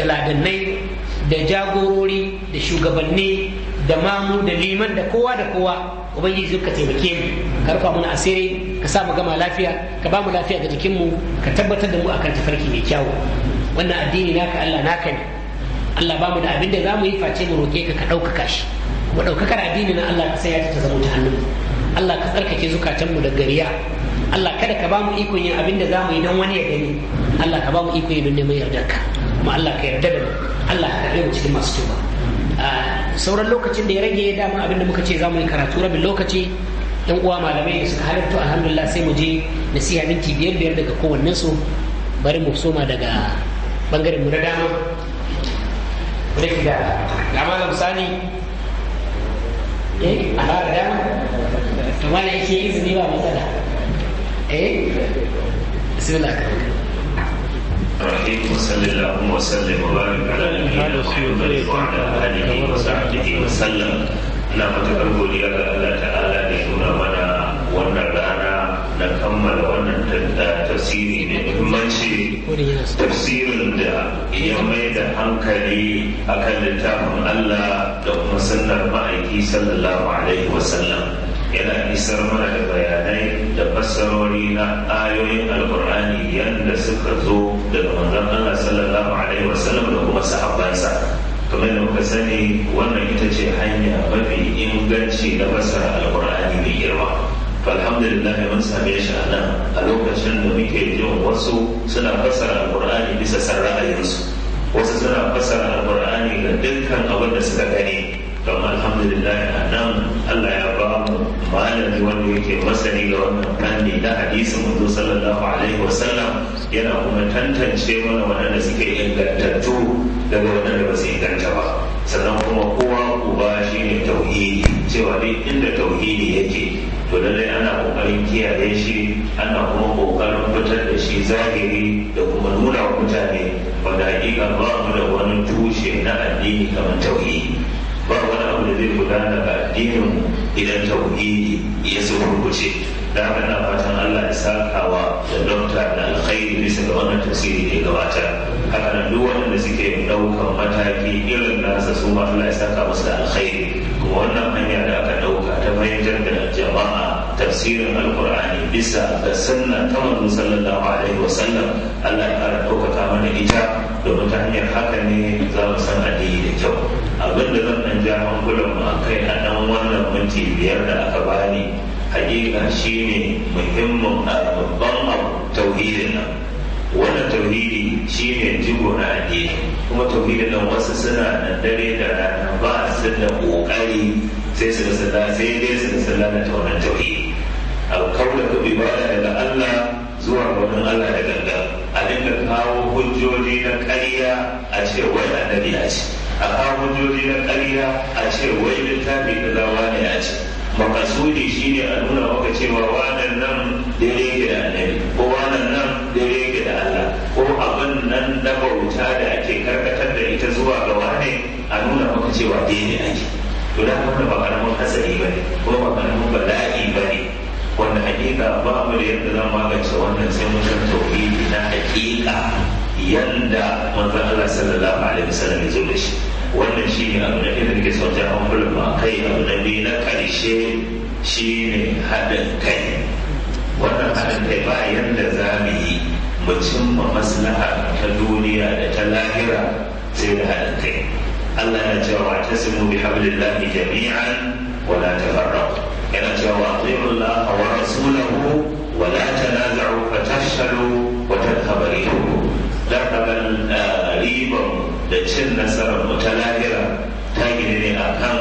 da ladannai da jagorori da shugabanni da mamu da liman da kowa da kowa ubangiji ka taimake mu ka rufa mana asiri ka sa mu gama lafiya ka ba mu lafiya ga jikinmu ka tabbatar da mu akan tafarki mai kyawu wannan addini naka Allah naka ne Allah ba mu da abin da za mu yi face mu roke ka ka ɗaukaka shi mu ɗaukakar addini na Allah ka saya ta zama ta hannun Allah ka tsarkake mu da gariya Allah kada ka ba mu iko yin abin da za mu yi don wani ya gani Allah ka ba mu iko yin don neman ka kuma Allah ka yarda da mu Allah ka karɓe mu cikin masu tuba sauran lokacin da ya rage dama abin da muka ce za mu yi karatu rabin lokaci yan uwa malamai da suka halarta alhamdulillah sai mu je nasiha minti biyar biyar daga kowannensu bari mu soma daga bangaren mu na dama break da na malam sani eh a ba da dama to mana yake izini ba matsala eh bismillah وسلم وبارك على نبينا محمد وعلى اله وصحبه وسلم لا متقبل الله تعالى na kammala wannan tafsiri ne muhimmanci tafsirin da ya mai da hankali akan littafin Allah da kuma sunnar ma'aiki sallallahu alaihi wasallam yana isar mana da bayanai da fassarori na ayoyin alkur'ani yadda suka zo daga manzon Allah sallallahu alaihi wasallam da kuma sahabbansa kamar da muka sani wannan ita ce hanya mafi inganci na fassara alkur'ani mai girma alhamdulillah mun same shi a nan a lokacin da muke jin wasu suna fassara alqur'ani bisa san ra'ayinsu wasu suna fassara alqur'ani ga dukkan abin da suka gani don alhamdulillah a nan Allah ya ba mu malami wanda yake masani ga wannan fanni na hadisin manzo sallallahu alaihi sallam, yana kuma tantance mana waɗanda suke ingantattu daga waɗanda ba su inganta ba sannan kuma kowa uba shi ne tauhidi cewa duk inda tauhidi yake to lallai ana kokarin kiyaye shi ana kuma kokarin fitar da shi zahiri da kuma nuna wa mutane wanda hakika ba mu da wani tushe na addini kamar tauhidi zai gudana ga addinin idan tauhidi ya sukurkuce da haka na fatan Allah ya saka wa da dokta da alkhairi bisa ga wannan tasiri da gabata haka nan duk waɗanda suke ɗaukan mataki irin nasa su ma Allah ya saka musu da alkhairi kuma wannan hanya da aka ɗauka ta fahimtar da jama'a tafsirin alkur'ani bisa ga sunna ta manzo sallallahu alaihi wasallam Allah ya kara ɗaukaka mana ita domin ta hanyar haka ne za mu san addini da kyau abin da zan ɗan ja hankulan mu a kai a ɗan wannan minti biyar da aka bani hakika shine muhimmin babban abu tauhidin nan wannan tauhidi shine jigo na addini kuma tauhidin nan wasu suna da dare da rana ba su da kokari sai su da sai dai su da da tauhidi da ka ibada daga Allah zuwa wannan Allah daga a dinga kawo hujjoji na ƙarya a ce wai annabi ya ce a kawo hujjoji na ƙarya a ce wai littafi na zawa ne ya ce makasudi shine a nuna maka cewa wannan nan ya yake da annabi ko wannan nan ya yake da Allah ko abin nan na bauta da ake karkatar da ita zuwa ga wane a nuna maka cewa ne ake to da haka ba karamin hasari bane ko ba karamin bala'i bane wanda hakika babu da yadda zan magance wannan sai mun san tauhidi na hakika yanda manzo Allah sallallahu alaihi wasallam ya zo da shi wannan shi ne abu na ɗaya da ke sauta a kullum a kai abu da biyu na ƙarshe shi ne haɗin kai wannan haɗin kai ba yanda za mu yi mu cimma maslaha ta duniya da ta lahira sai da haɗin kai Allah ya ce ta simu bi hablillahi jami'an wala tafarraqu yana cewa wa atiyu wa rasulahu wa la tanaza'u fa tafshalu wa tadhhabu rihukum laqaban riban da cin nasarar mu ta lahira ta gine ne akan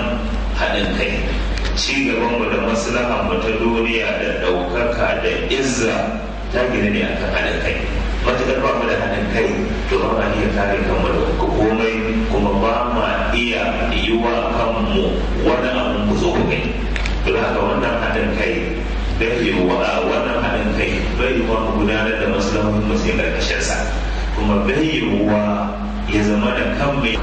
haɗin kai ci gaban mu da maslahar mu ta duniya da ɗaukaka da izza ta gine ne akan haɗin kai matuƙar ba mu da haɗin kai to ba ma iya kare kanmu da komai kuma ba ma iya yiwa kanmu wani abu ku zo ku don wannan haɗin kai dakewa wannan haɗin kai bai gudanar da maslahohin masu yin ƙarƙashinsa kuma bai ya zama da kan mai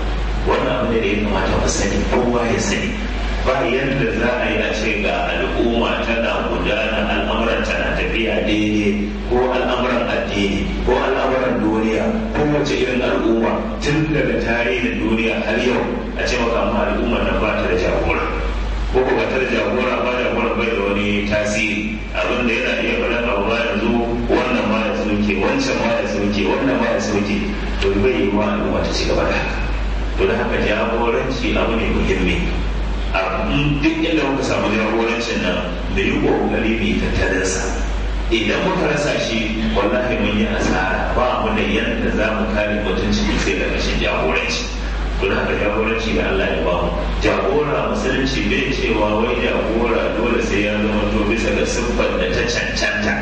wannan abu da ya kamata ku sani kowa ya sani ba yadda za a yi a ce ga al'umma tana gudana al'amuran tana tafiya daidai ko al'amuran addini ko al'amuran duniya ko wace irin al'umma tun daga tarihin duniya har yau a ce maka al'umma na ba ta da jagora ko ko tar jagora ba jagora bai da wani tasiri abin da yana iya bada abu ba yanzu wannan ma ya soke wancan ma ya soke wannan ma ya soke to bai yi ma al'umma ta ci gaba da haka to da haka jagoranci abu ne muhimmi a duk inda muka samu jagorancin nan da yi kokari mai tattalinsa idan muka rasa shi wallahi mun yi asara ba mu da yadda za mu kare mutunci sai da rashin jagoranci kuna da jagoranci da Allah ya ba jagora musulunci bai cewa wai jagora dole sai ya zama to bisa ga siffar da ta cancanta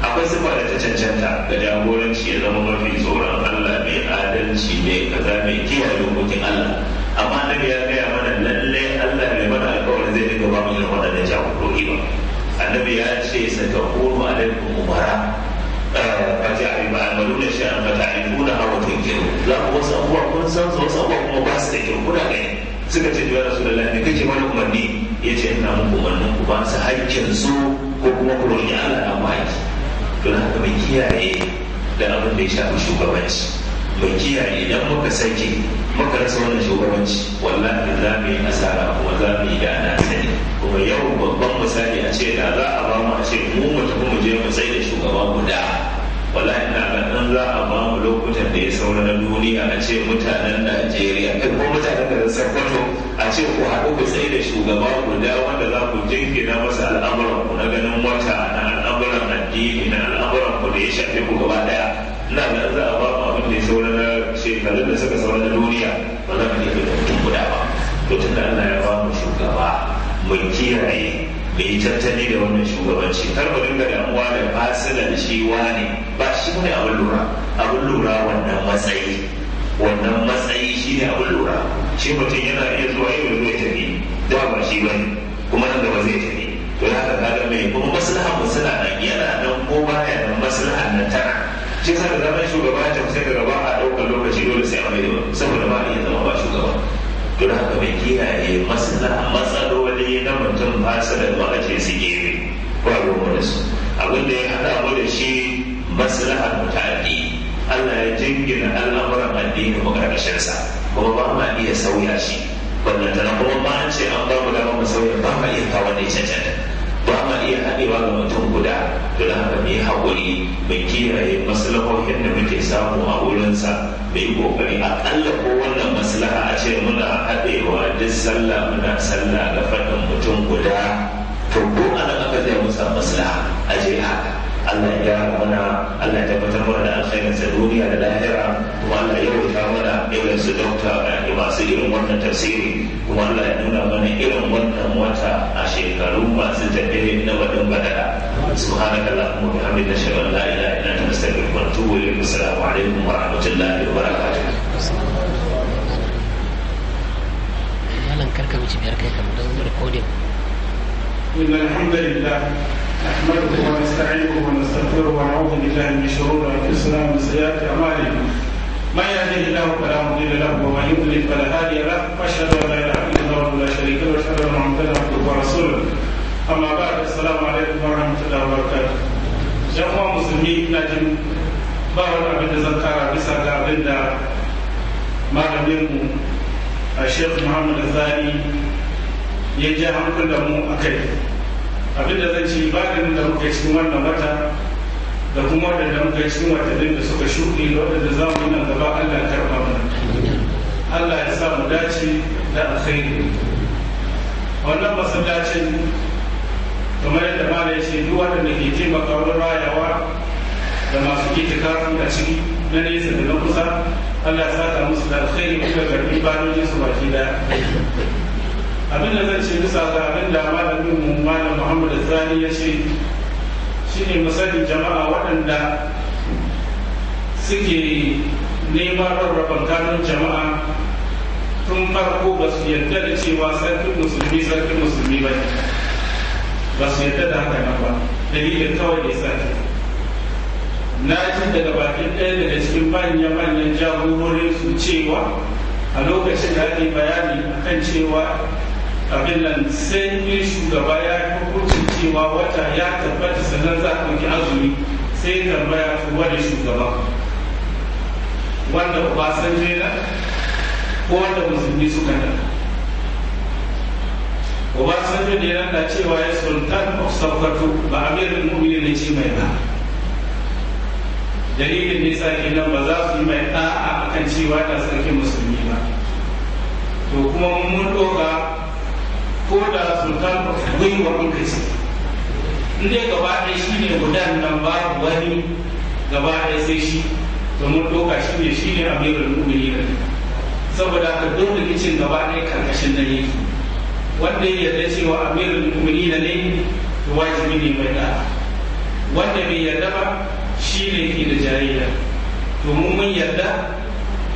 akwai siffa da ta cancanta ga jagoranci ya zama mafi tsoron Allah mai adalci mai kaza mai kiyaye dokokin Allah amma da ya gaya mana lallai Allah mai mana alƙawarin zai dinga ba mu irin waɗannan jagorori ba annabi ya ce kuma alaikum umara فتعملون شيئا فتعرفونها وتنكرون لا wasu abubuwa kun san su wasu abubuwa kuma ba su da kyau kuna gani suka ce ya rasu da lafi kake wani umarni ya ce ina muku umarnin ku ba su haƙƙin su ko kuma ku roƙi Allah na maki don haka mai kiyaye da abin da ya shafi shugabanci mai kiyaye idan muka sake muka rasa wannan shugabanci wallahi za mu yi asara kuma za mu yi dana sani kuma yau babban misali a ce da za a ba mu a ce mu mu tafi mu je mu sai da shugaba guda wallahi ina ga dan za a ba mu lokutan da ya saura na duniya a ce mutanen Najeriya kai ko mutanen da Sokoto a ce ku haɗu ku sai da shugaba guda wanda za ku na masa al'amuran ku na ganin wata na al'amuran addini na al'amuran ku da ya shafe ku gaba daya ina ga to tunda Allah ya ba shugaba mu kiyaye mu yi tattali da wannan shugabanci kar mu dinga da damuwa da da shi wani ba shi ne abin lura abin lura wannan matsayi wannan matsayi shi ne abin lura shi mutum yana iya zuwa yau zai tafi da ba shi ne kuma nan gaba zai tafi to ya ka kada mai kuma maslaha musala nan yana nan ko baya nan maslaha nan ta shi sa da zaman shugaba ta sai da gaba a ɗaukar lokaci dole sai a mai saboda ba iya zama ba shugaba don haka mai kiyaye matsaloli na mutum ba su da a ce su gefe ba da su abin da ya haɗa mu da shi maslahar mutane Allah ya jingina al'amuran addini mu ƙarƙashin sa kuma ba ma iya sauya shi wannan tana kuma ba an ce an ba mu dama mu sauya ba ma iya kawo ne cancanta ba ma iya haɗewa ga mutum guda don haka mai yi haƙuri mai kiyaye maslahohin da muke samu a wurinsa mu yi ƙoƙari aƙalla kowa maslaha a ce muna haɗewa duk sallah muna sallah ga faɗin mutum guda to ko nan aka zai musa maslaha a je haka Allah ya gyara mana Allah ya tabbatar mana da alkhairin sa duniya da lahira kuma Allah ya wuta mana irin su dokta masu irin wannan tafsiri kuma Allah ya nuna mana irin wannan wata a shekaru masu tafiye na wadin badara subhanaka allahumma bihamdika ashhadu an la ilaha illa anta astaghfiruka wa atubu ilayk assalamu alaikum wa rahmatullahi wa barakatuh malam karka wuce biyar kai kamar don recording إن الحمد لله نحمده ونستعينه ونستغفره ونعوذ بالله من شرور أنفسنا ومن سيئات أعمالنا من يهده الله فلا مضل له ومن يضلل فلا هادي له وأشهد أن لا إله إلا الله وحده لا شريك له وأشهد أن محمدا عبده ورسوله أما بعد السلام عليكم ورحمة الله وبركاته جمع مسلمين نجم بارك أبدا زكارة بسا أبدا ما لم يكن a shekh muhammad zani ya ja hankulan mu a kai abinda zan ci bayanin da muka cikin wannan wata da kuma waɗanda muka cikin watannin da suka shuɗe da waɗanda za mu yi nan gaba allah ya karɓa mana allah ya sa mu dace da alkhairi wannan masallacin kamar yadda ma ya ce duk waɗanda ke taimaka wurin rayawa da masu itikafi a ciki na nesa da na kusa Allah ya saka musu da alkhairi gari karbi banojin su ba shi da abin da zan ce bisa ga abin da malamin mu malam Muhammad Zani ya ce shine misalin jama'a waɗanda suke neman rarraban kanun jama'a tun farko ba su yadda da cewa sarkin musulmi sarkin musulmi ba ba su yadda da haka ba dalilin kawai da ya sarki na ji daga bakin ɗaya daga cikin manya-manyan jagororin su cewa a lokacin da ake bayani akan cewa abin nan sai ne shugaba ya hukuncin cewa wata ya tabbata sannan za a ɗauki azumi sai tambaya kuma wani shugaba wanda ba san jera ko wanda musulmi suka nan san jera na cewa ya sultan of Sokoto ba amirin mu'minin ne ce mai ba. dalilin ne sa nan ba za su yi mai a kan cewa ta sarki musulmi ba to kuma mun doka ko da sultan gwiwa muka ce inda ya gaba ɗaya shi ne gudan nan babu wani gaba ɗaya sai shi to mun doka shi ne shi ne amirul mu'minin saboda ka duk rikicin gaba ɗaya karkashin da yake wanda ya yarda cewa amirul mu'minin ne wajibi ne mai ɗa, wanda bai yarda ba shi ne ke da jariya domin mun yarda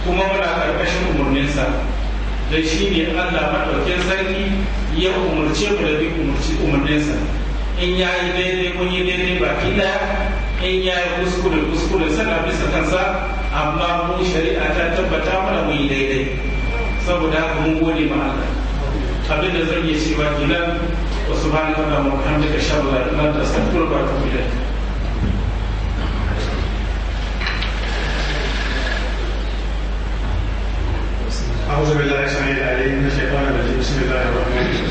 kuma muna karkashin umarninsa da shi ne allah maɗaukin sarki ya umarce mu da bi umarninsa in ya yi daidai kun yi daidai baki ɗaya in ya yi kuskure kuskure sana bisa kansa amma mu shari'a ta tabbata mana mu yi daidai saboda haka mun gode ma Allah abin da zan iya cewa kenan wasu subhanaka wa bihamdika shallallahu la ilaha da anta astaghfiruka wa atubu ilayk أعوذ بالله السميع العليم من الشيطان الرجيم بسم الله الرحمن الرحيم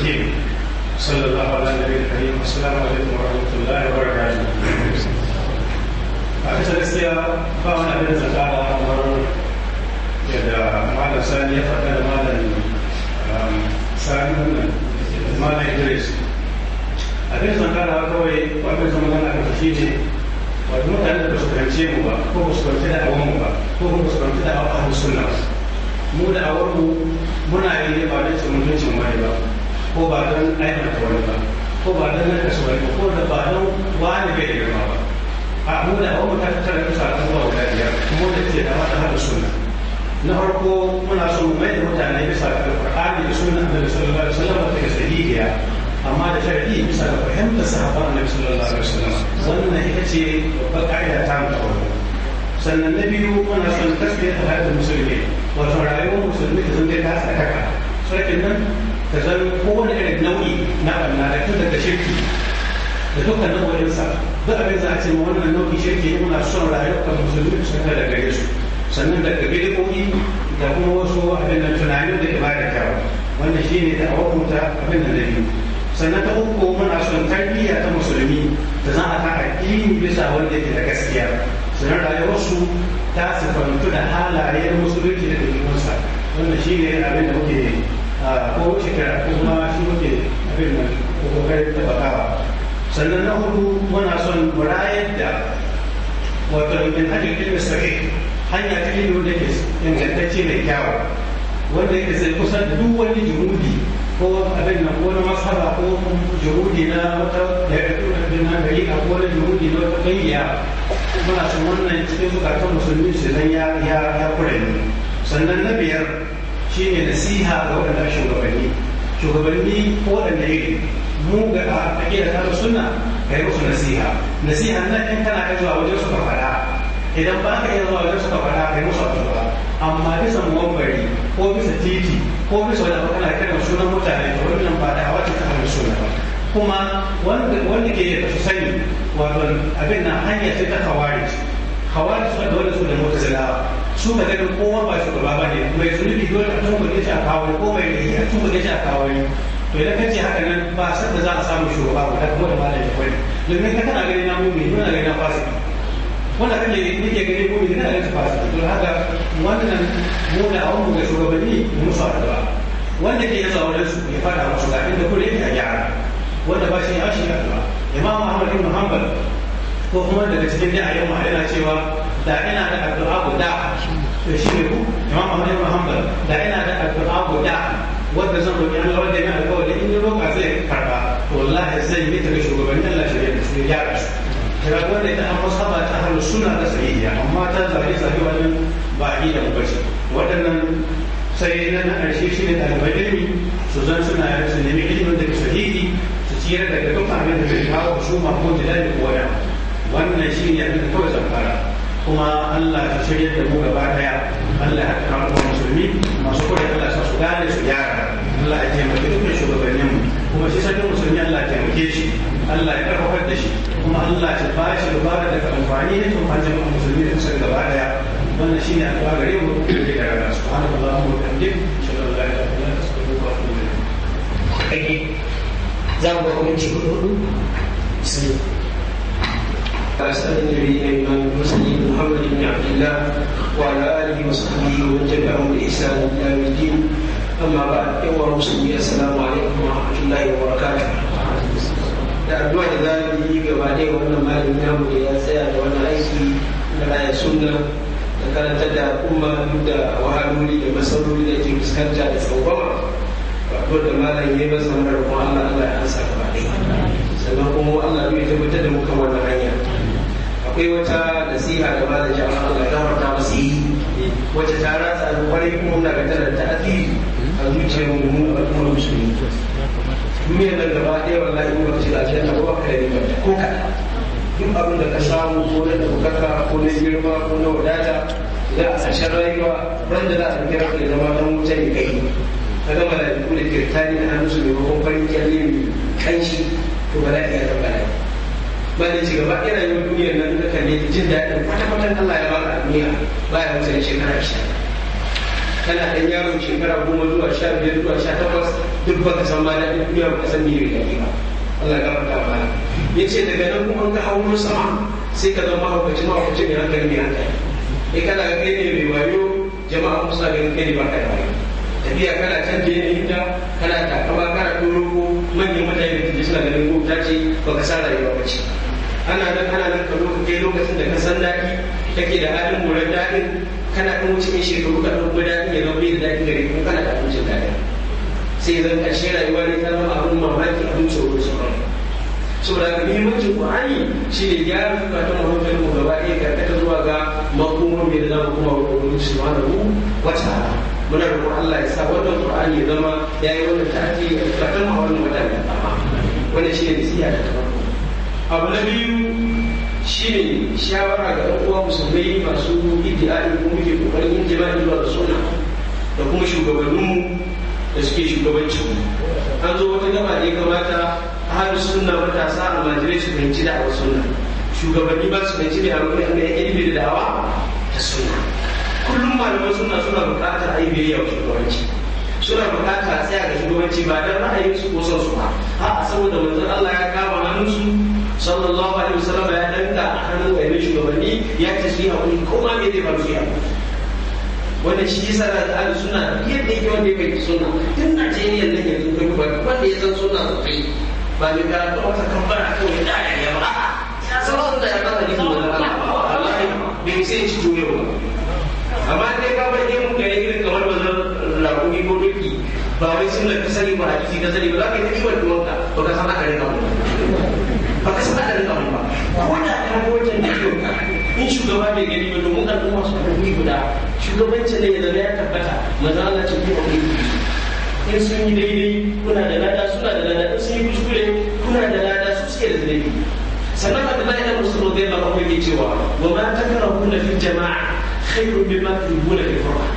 صلى الله على النبي الكريم السلام عليكم ورحمة الله وبركاته a bisa gaskiya ba wani abin da tsakara kamar yadda malam sani ya faɗa da malam sani malam idris abin tsakara kawai wani zama gana ka fi ne wato mutane da ba su karance mu ba ko ba su karance da awon mu ba ko ba su karance da awon sunna ba mu da mu muna yi ne ba don cin mutuncin wani ba ko ba don aikata wani ba ko ba don naka su wani ba ko da ba don wani bai girma ba a mu da awarmu ta tattara kusa a zuwa guda biyar mu da ce da wata hada suna na farko muna so mu mai da mutane bisa ga alƙur'ani da sunan annabi sallallahu alaihi wasallam da take sahihiya amma da sharadi bisa ga fahimtar sahabban annabi sallallahu alaihi wasallam wannan ita ce babbar ƙa'ida ta mu ta sannan na biyu muna son tasiriyar da hayar musulmi wato rayuwar musulmi ta zama ta tsakaka sarkin nan ta zama kowane irin nau'i na ɓanna da tun daga shirki da dukkan sa duk abin za a ce wannan nau'i shirki muna son rayuwar musulmi su kada daga yesu sannan daga bidiyoyi da kuma wasu abin da tunanin da ibada kyawa wannan ne da awakunta abin da na biyu sannan ta uku muna son tarbiyya ta musulmi da za a ta addini bisa wanda ke da gaskiya sannan su ta sifantu da halayen musulunci da ɗabi'unsa wanda shi ne abin da muke ko shekara kuma shi muke abin da kokarin bakawa sannan na hudu muna son mu da wato min hajji ilmi sahi hanya ta ilmi wanda ke ingantacce mai kyawu wanda yake sai kusan duk wani jihudi ko abin nan ko na masara ko jihudi na wata da ya ɗaɗɗu na gari a ko na jihudi na wata ƙungiya suna cin wannan cikin zukatan musulmi su nan ya ya kurani sannan na biyar shine nasiha ga waɗanda shugabanni shugabanni ko waɗanda iri mu ga da ta sunna ga yi musu nasiha nasiha nan in kana ka zuwa wajen su ka faɗa idan ba ka iya zuwa wajen suka ka faɗa ka yi musu addu'a amma bisa muwabbari ko bisa titi ko bisa wani ba kana kiran sunan mutane to wannan ba da hawa ta kan suna ba kuma wanda ke da su sani wato abin na hanya sai ta kawari kawari su da wanda su da da lawa su ga ganin kowa ba su gaba ne mai zunubi dole a tunba ne shi a kawo ko mai ne iya tunba ne shi a kawo ne to idan kace haka nan ba san da za a samu shugaba da kuma da malam ya kwari domin ka kana ganin na mumi kana ganin na fasiki wanda kake nake ganin ko mumi kana ganin fasiki to haka wannan mu da awon mu ga shugabanni mu musu addu'a wanda ke yanzu a wannan su ya fada musu ga inda kullum ya gyara wanda ba shi ne a shi ba imamu ahmad ibn hanbal ko kuma daga cikin da ayyuma yana cewa da ina da addu'a guda to shi ne ku imamu ahmad ibn hanbal da ina da addu'a guda wanda zan roƙi Allah wanda da wani in yi roƙa zai karba wallahi zai yi ta ga shugabannin Allah shi da su ya su. kira wanda ta amma saba ta hannu suna da sahihiya amma ta zaɓi zaɓi wannan ba a yi da mu bace waɗannan sai na ƙarshe shi ne ɗalibai ilimi su zan suna su nemi ilimin daga sahihi shi daga duk abin da zai kawo husuma ko jidali ko wani wannan shi ne abin da kawai zamfara kuma Allah ta shirya da mu gaba daya Allah ya kama mu musulmi masu kore Allah sa su gane su yara Allah ya taimake dukkan shugabannin kuma shi sanin musulmi Allah ya taimake shi Allah ya karfafa da shi kuma Allah ya ba shi dubara daga amfani da tumfancin musulmi da kusan gaba daya wannan ne addu'a gare mu da gara subhanallahi wa bihamdihi shukran lillahi wa la ilaha illa huwa za mu ga kuma ci hudu hudu su yi ta sani da rikin yin nan musulmi muhammad ibn abdullah wa ra'ayi wasu kudi wa jaga mu da isa da jami'i amma ba a yi wa musulmi assalamu alaikum wa rahmatullahi wa barakatu da addu'a da za mu yi gaba da wannan malamin namu da ya tsaya da wannan aiki da ayat suna da karanta da Umar da wahaloli da masaloli da ke fuskanta da tsawon addu'ar da malam yi masa mana roƙon Allah Allah ya ansa gaba sannan kuma Allah bai tabbatar da mu kan wannan hanya akwai wata nasiha da malam jama'a Allah ya gafarta masa yi wacce ta ratsa alƙwarai kuma muna ga tana da ta'athiri a zuciyar mu mu al'ummar musulmi duniyar nan gaba ɗaya wallahi in ba ka shiga aljanna ba ka yi ba ko ka duk abin da ka samu ko na ɗaukaka ko na girma ko na wadata idan a ƙarshen rayuwa ban da za a ɗauki ranka ya zama don wuta ne kai ka gama da kirtani da hannun su maimakon farin kyalle mai kanshi to ba za iya zan bala'i ba da ci gaba yana yin duniyar nan da kan yi jin daɗin kwata-kwatan Allah ya ba a duniya ba ya wuce shekara ashirin kana ɗan yaron shekara goma zuwa sha biyar zuwa sha takwas duk ba ka san ma daɗin duniya ba ka san me mai ba Allah ya gafarta ba ya ce daga nan kuma ka hau hauro sama sai ka zama mahaukaci mahaukaci ne hankali ne hankali e kana ga kai ne mai wayo jama'a musa ga kai ne ba ka da wayo tafiya kana can da yanayin ta kana takama kana doro ko manyan mutane da ke suna ganin ko ta ce ba ka sa rayuwa ba ce ana nan kana nan ka kai lokacin da ka san daɗi kake da halin moran daɗin kana ɗan wuce mai shekaru ka ɗauko daɗin ya zama da daɗin gari kuma kana da abincin daɗin sai zan ƙarshe rayuwa ne ta zama abin mamaki abin tsoro da sauransu saboda ga muhimmancin shi ne gyara ta mahaifin mu gaba ɗaya karkata zuwa ga makomar mai da zama kuma wa Ubangiji Subhanahu wa ta'ala muna roƙon Allah ya sa wannan Qur'ani ya zama ya yi wannan tafi a cikin ma wannan mutane wannan shi ne nasiha da ta abu na biyu shi ne shawara ga ɗan uwa musulmai masu iddi'ai ko muke kokarin yin jima'i zuwa da suna da kuma shugabanninmu da suke shugabanci an zo wata gaba ne kamata ahlus sunna matasa a majalai su fahimci da'awar sunna shugabanni ba su fahimci da'awar ne ya ilimi da da'awa ta sunna kullum malaman suna suna buƙatar a yi biyayya wa shugabanci suna buƙatar a tsaya ga shugabanci ba don su ko son su ba a saboda manzon Allah ya kama hannunsu sallallahu alaihi wasallam ya danka hannun wani shugabanni ya ce su yi hakuri ko ma me zai faru su wanda shi yasa da ta'ala suna yadda yake wanda yake ki suna tun na ce ne yanzu yanzu kai ba wanda ya san suna sosai ba ne ka ta wata kambar a kawai da ya ba a'a sabon da ya ba ne ba wai sunna ka sani ba hadisi ka sani ba za ka yi kiwon tuwanka ba ka san aka rika ba ka san aka rika mu ba ko da ka ga wajen da kiwon ka bai gani ba domin al'umma su ka guri guda shugabanci ne ya zama ya tabbata maza Allah ce kuma ku in sun yi daidai kuna da lada suna da lada in sun yi kuna da lada su suke da laifi sannan Abdullahi da Musa radiyallahu anhu yake cewa wa ma takrahuna fil jama'a khairun mimma bula fil farah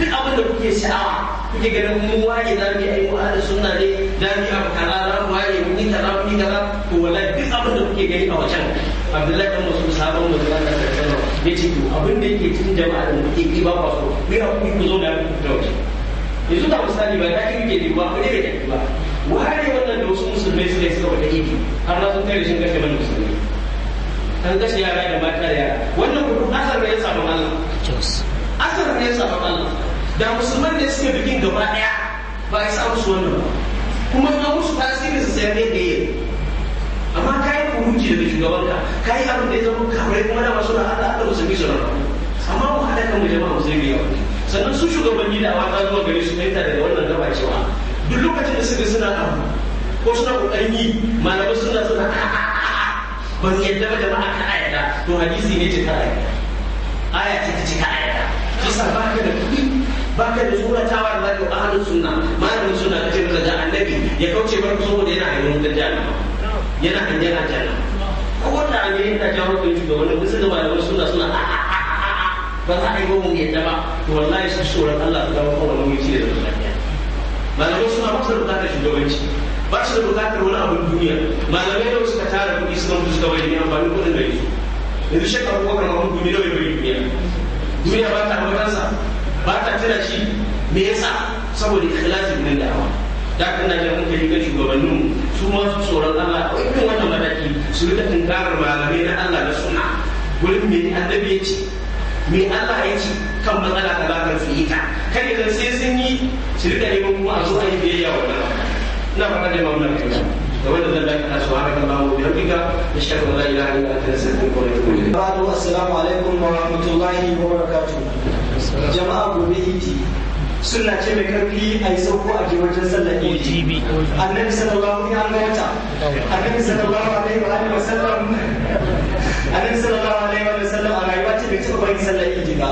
duk abin da kuke sha'awa kuke ganin mu waje za mu yi ai mu da sunna ne za mu yi abu kaza za mu waye mu yi kaza mu yi kaza to wallahi duk abin da kuke gani a wajen Abdullahi dan Mas'ud sabon mu da Allah ta tsara yace to abin da yake cikin jama'a da kuke ki ba ku so ku ya ku zo da ku da wajen yanzu da misali ba da kike ne ba ku ne da ba ware wannan da wasu musulmai suka yi suka wata idi har na sun kai rashin kashe mana musulmai kan kashe yara da mata da yara wannan kudu asar ne ya samu Allah asar ne ya samu Allah da musulman da suke bikin gaba daya ba ya samu su wannan ba kuma ga musu tasiri su sayar da yi amma ka yi kuruci daga shugaban ka ka yi abin da ya zama kamar kuma da masu ra'a da Allah musulmi su rana amma mu haɗa kan mu jama'a musulmi yawa sannan su shugabanni da wata zuwa gare su fahimta daga wannan gaba cewa duk lokacin da suka suna abu ko suna ƙoƙarin yi malamai suna suna ah, ah, ah, ban yadda ba jama'a ka ayyada to hadisi ne ce ta ayyada aya ce ta ce ta ayyada sa ba ka da kuɗi baka da suratawa da zaka ahlus sunna malamin sunna kace maka da annabi ya kauce barku saboda yana hanyar da jannah yana hanyar jannah ko da ne yana jawo kai da wani bisa da malamin sunna suna a ah, a ah, a ah, a a ba za a yi gomun ya taba to wallahi shi tsoron Allah ta kawo wannan mu ci da lafiya malamin sunna ba su da bukatar shugabanci ba su da bukatar wani abin duniya malamai da suka tara kuɗi suka mutu suka bayyana amfanin kuɗin da yanzu yanzu shekaru kuma kan wani duniya da duniya duniya ba ta makansa ba ta cire shi me yasa saboda ikhlasi ne da awa da kan da mun kai ga shugabannin su ma su tsoron Allah a irin wannan madaki su rika tunkarar malamai na Allah da sunna gurin me annabi ya ce me Allah ya ce kan matsala ta ba kan su yi kai da sai sun yi su rika neman kuma a zo a yi biyayya wa Allah ina fata da mamunan kai السلام عليكم ورحمه الله وبركاته. jama'a gobe idi suna ce mai karfi a yi sauko a je wajen sallar idi annabi sallallahu ya ga wata annabi sallallahu alaihi wa alihi wasallam annabi sallallahu alaihi wa sallam a rayuwa ce bai taɓa bari sallar idi ba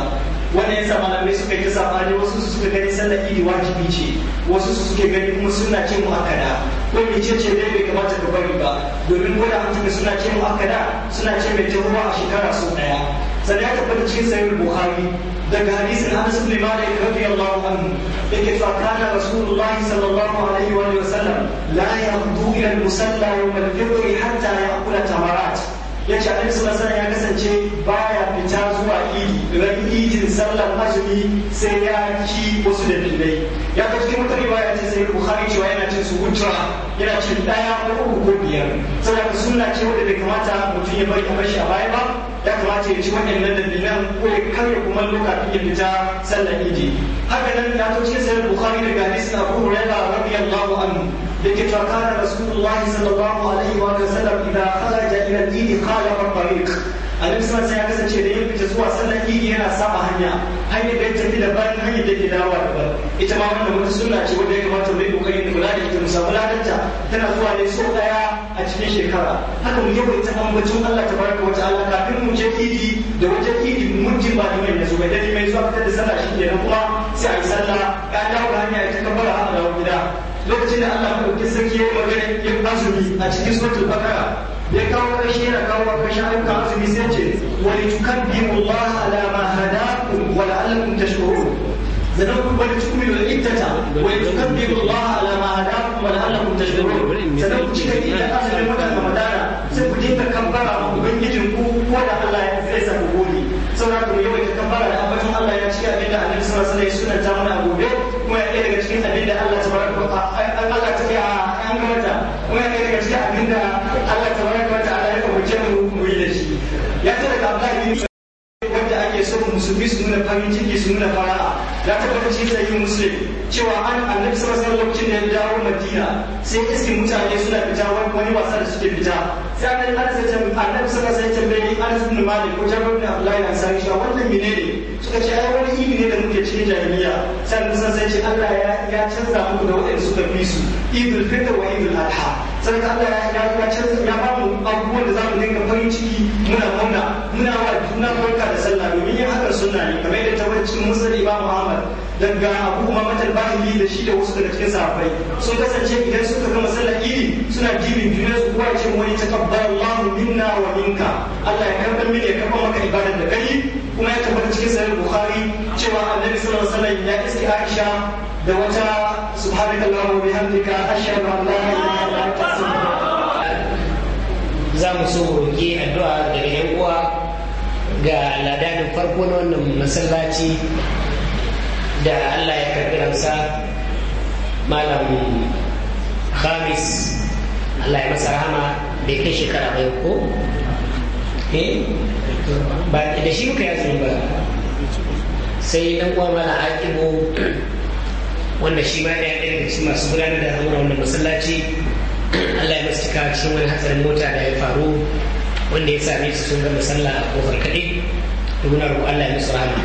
wannan yasa malamai suka yi ta sabani wasu su suka gani sallar idi wajibi ce wasu su suke gani kuma suna ce mu'akkada ko mece ce dai bai kamata ka bari ba domin gwada mutane suna ce mu suna ce mai tahuwa a shekara sau daya sannan ya tabbata cikin sayar bukhari daga hadisin anas ibn malik radiyallahu anhu yake fa na rasulullahi sallallahu alaihi wa sallam la yamdu ila musalla yawm al-fitr hatta kula tamarat ya ce annabi sallallahu alaihi ya kasance baya fita zuwa idi ran idin sallar azumi sai ya ci wasu da filai ya ga cikin wata ya ce sai bukhari cewa yana cin su hujra yana cin daya ko uku ko biyar ka sunna ce wanda bai kamata mutum ya bari kamar shi a baya ba ya kamata ya ci waɗannan dalilan ko ya karya kumallo kafin ya fita sallar idi haka nan ya to cikin sayar bukhari daga hadisin abu hurairah radiyallahu anhu yake cewa kana rasulullahi sallallahu alaihi wa sallam idan kharaja ila al-idi qala rabbik annabi sallallahu alaihi ya kasance da yin fita zuwa sallar idi yana saba hanya hanyar da tafi da bayan hanyar da ke dawowa da ita ma wannan wata sunna ce wanda ya kamata mu yi kokari mu kula da ita mu samu ladarta tana zuwa ne so daya a cikin shekara haka mu yawaita ambacin Allah tabaraka wa ta'ala kafin mu je idi da wajen idi muddin ba liman ya zo dai mai zuwa fitar da sallah shi ne kuma sai a yi sallah ka dawo hanya ita kabbara a dawo gida lokacin da Allah ya dauki sarki ya magana yin azumi a cikin suratul bakara ya kawo kashi yana kawo kashi an kawo su sai ce wani tukan bi Allah ala ma hadakum wa la'allakum tashkurun zanen ku bari tukumi da ittata wani tukan bi Allah ala ma hadakum wa la'allakum tashkurun zanen ku cika ita azumin wata ramadana sai ku dinga kambara ma ubangijin ku ko da Allah ya zai sa ku gode saboda ku yawaita kambara da ambaton Allah ya cika abinda Annabi sallallahu alaihi wasallam ya sunanta mana gobe kuma ya daga cikin abinda Allah tabaraka Allah ta ya an gama ta kuma ya daga cikin abinda Allah mutane musulmi su nuna farin ciki su nuna fara'a ya tabbata shi zai yi cewa an annabi sama alaihi lokacin da ya dawo madina sai iski mutane suna fita wani wasa da suke fita sai an yi ya tambaye annabi sama sai wasallam ya tambaye anas ibn malik ko jabir abu layi an wannan menene suka ce ai wani ibi ne da muke cikin jahiliya sai annabi sai ce Allah ya canza muku da waɗanda suka fi su idul fitr wa idul adha sai Allah ya ya canza ya ba mu abubuwan da za mu dinga farin ciki muna muna muna wa juna barka da sallah domin sunna kamar yadda ta wani cikin ba muhammad daga abu kuma matal bahili da shi da wasu daga cikin sahabbai sun kasance idan suka gama sallar iri suna jibin juna su kuwa ce wani takabbar allahu minna wa minka allah ya karɓar mini ya karɓar maka ibadar da kai kuma ya tabbata cikin sahih bukhari cewa annabi sallallahu alaihi wasallam ya iske aisha da wata subhanakallahu wa bihamdika ashhadu an la ilaha illa anta astaghfiruka za mu so roƙi addu'a daga yan uwa ga ladanin farko na wannan masallaci da allah ya karɓi ransa malam khamis allah ya masa rahama bai kai shekara bai ko eh? ba da shi muka yasu ba sai dan uwa malam akibu wanda shi ma da ya ɗaya daga cikin masu gudanar da al'amuran wannan masallaci allah ya masa cika cikin wani hatsarin mota da ya faru wanda ya same su sun gama sallah a kofar kaɗai muna roƙon Allah ya musu rahama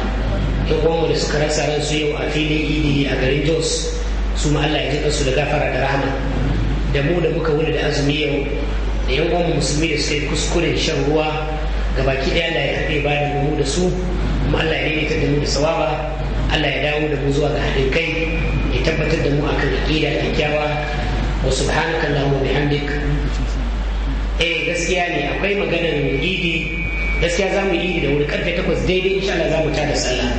yan uwanmu da suka rasa ran su yau a filin idi a garin Jos su ma Allah ya jiƙa su da gafara da rahama da mu da muka wuni da azumi yau da yan uwan musulmi da suka yi kuskuren shan ruwa ga baki ɗaya Allah ya haɗe bayan mu da su kuma Allah ya daidaita da mu da sawaba Allah ya dawo da mu zuwa ga haɗin kai ya tabbatar da mu akan aƙida kyakkyawa wa subhanaka allahumma bihamdik gaskiya ne akwai maganar idi gaskiya za mu idi da wuri karfe takwas daidai insha Allah za mu tada sallah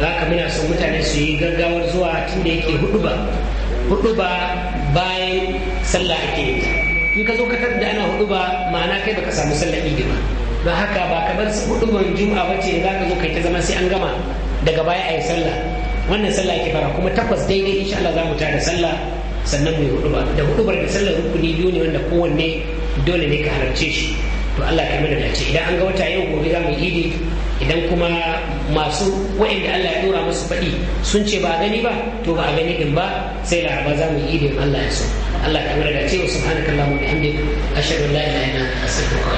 za ka muna son mutane su yi gaggawar zuwa tun da yake hudu ba hudu ba bayan sallah ake yi in ka zo ka da ana hudu ba ma'ana kai baka samu sallah idi ba don haka ba kamar hudu ban juma'a ba ce za ka zo kai ta zama sai an gama daga baya a yi sallah wannan sallah ake fara kuma takwas daidai insha Allah za mu tada sallah sannan mu yi hudu ba da hudu da sallar rukuni biyu ne wanda kowanne dole ne ka halarce shi to Allah ka mana dace idan an ga wata yau gobe za mu idi idan kuma masu wa'inda Allah ya dora musu faɗi sun ce ba a gani ba to ba a gani din ba sai laraba za mu yi idi. Allah ya so Allah ka mana dace wa subhanakallahumma wa bihamdika ashhadu an la ilaha illa anta astaghfiruka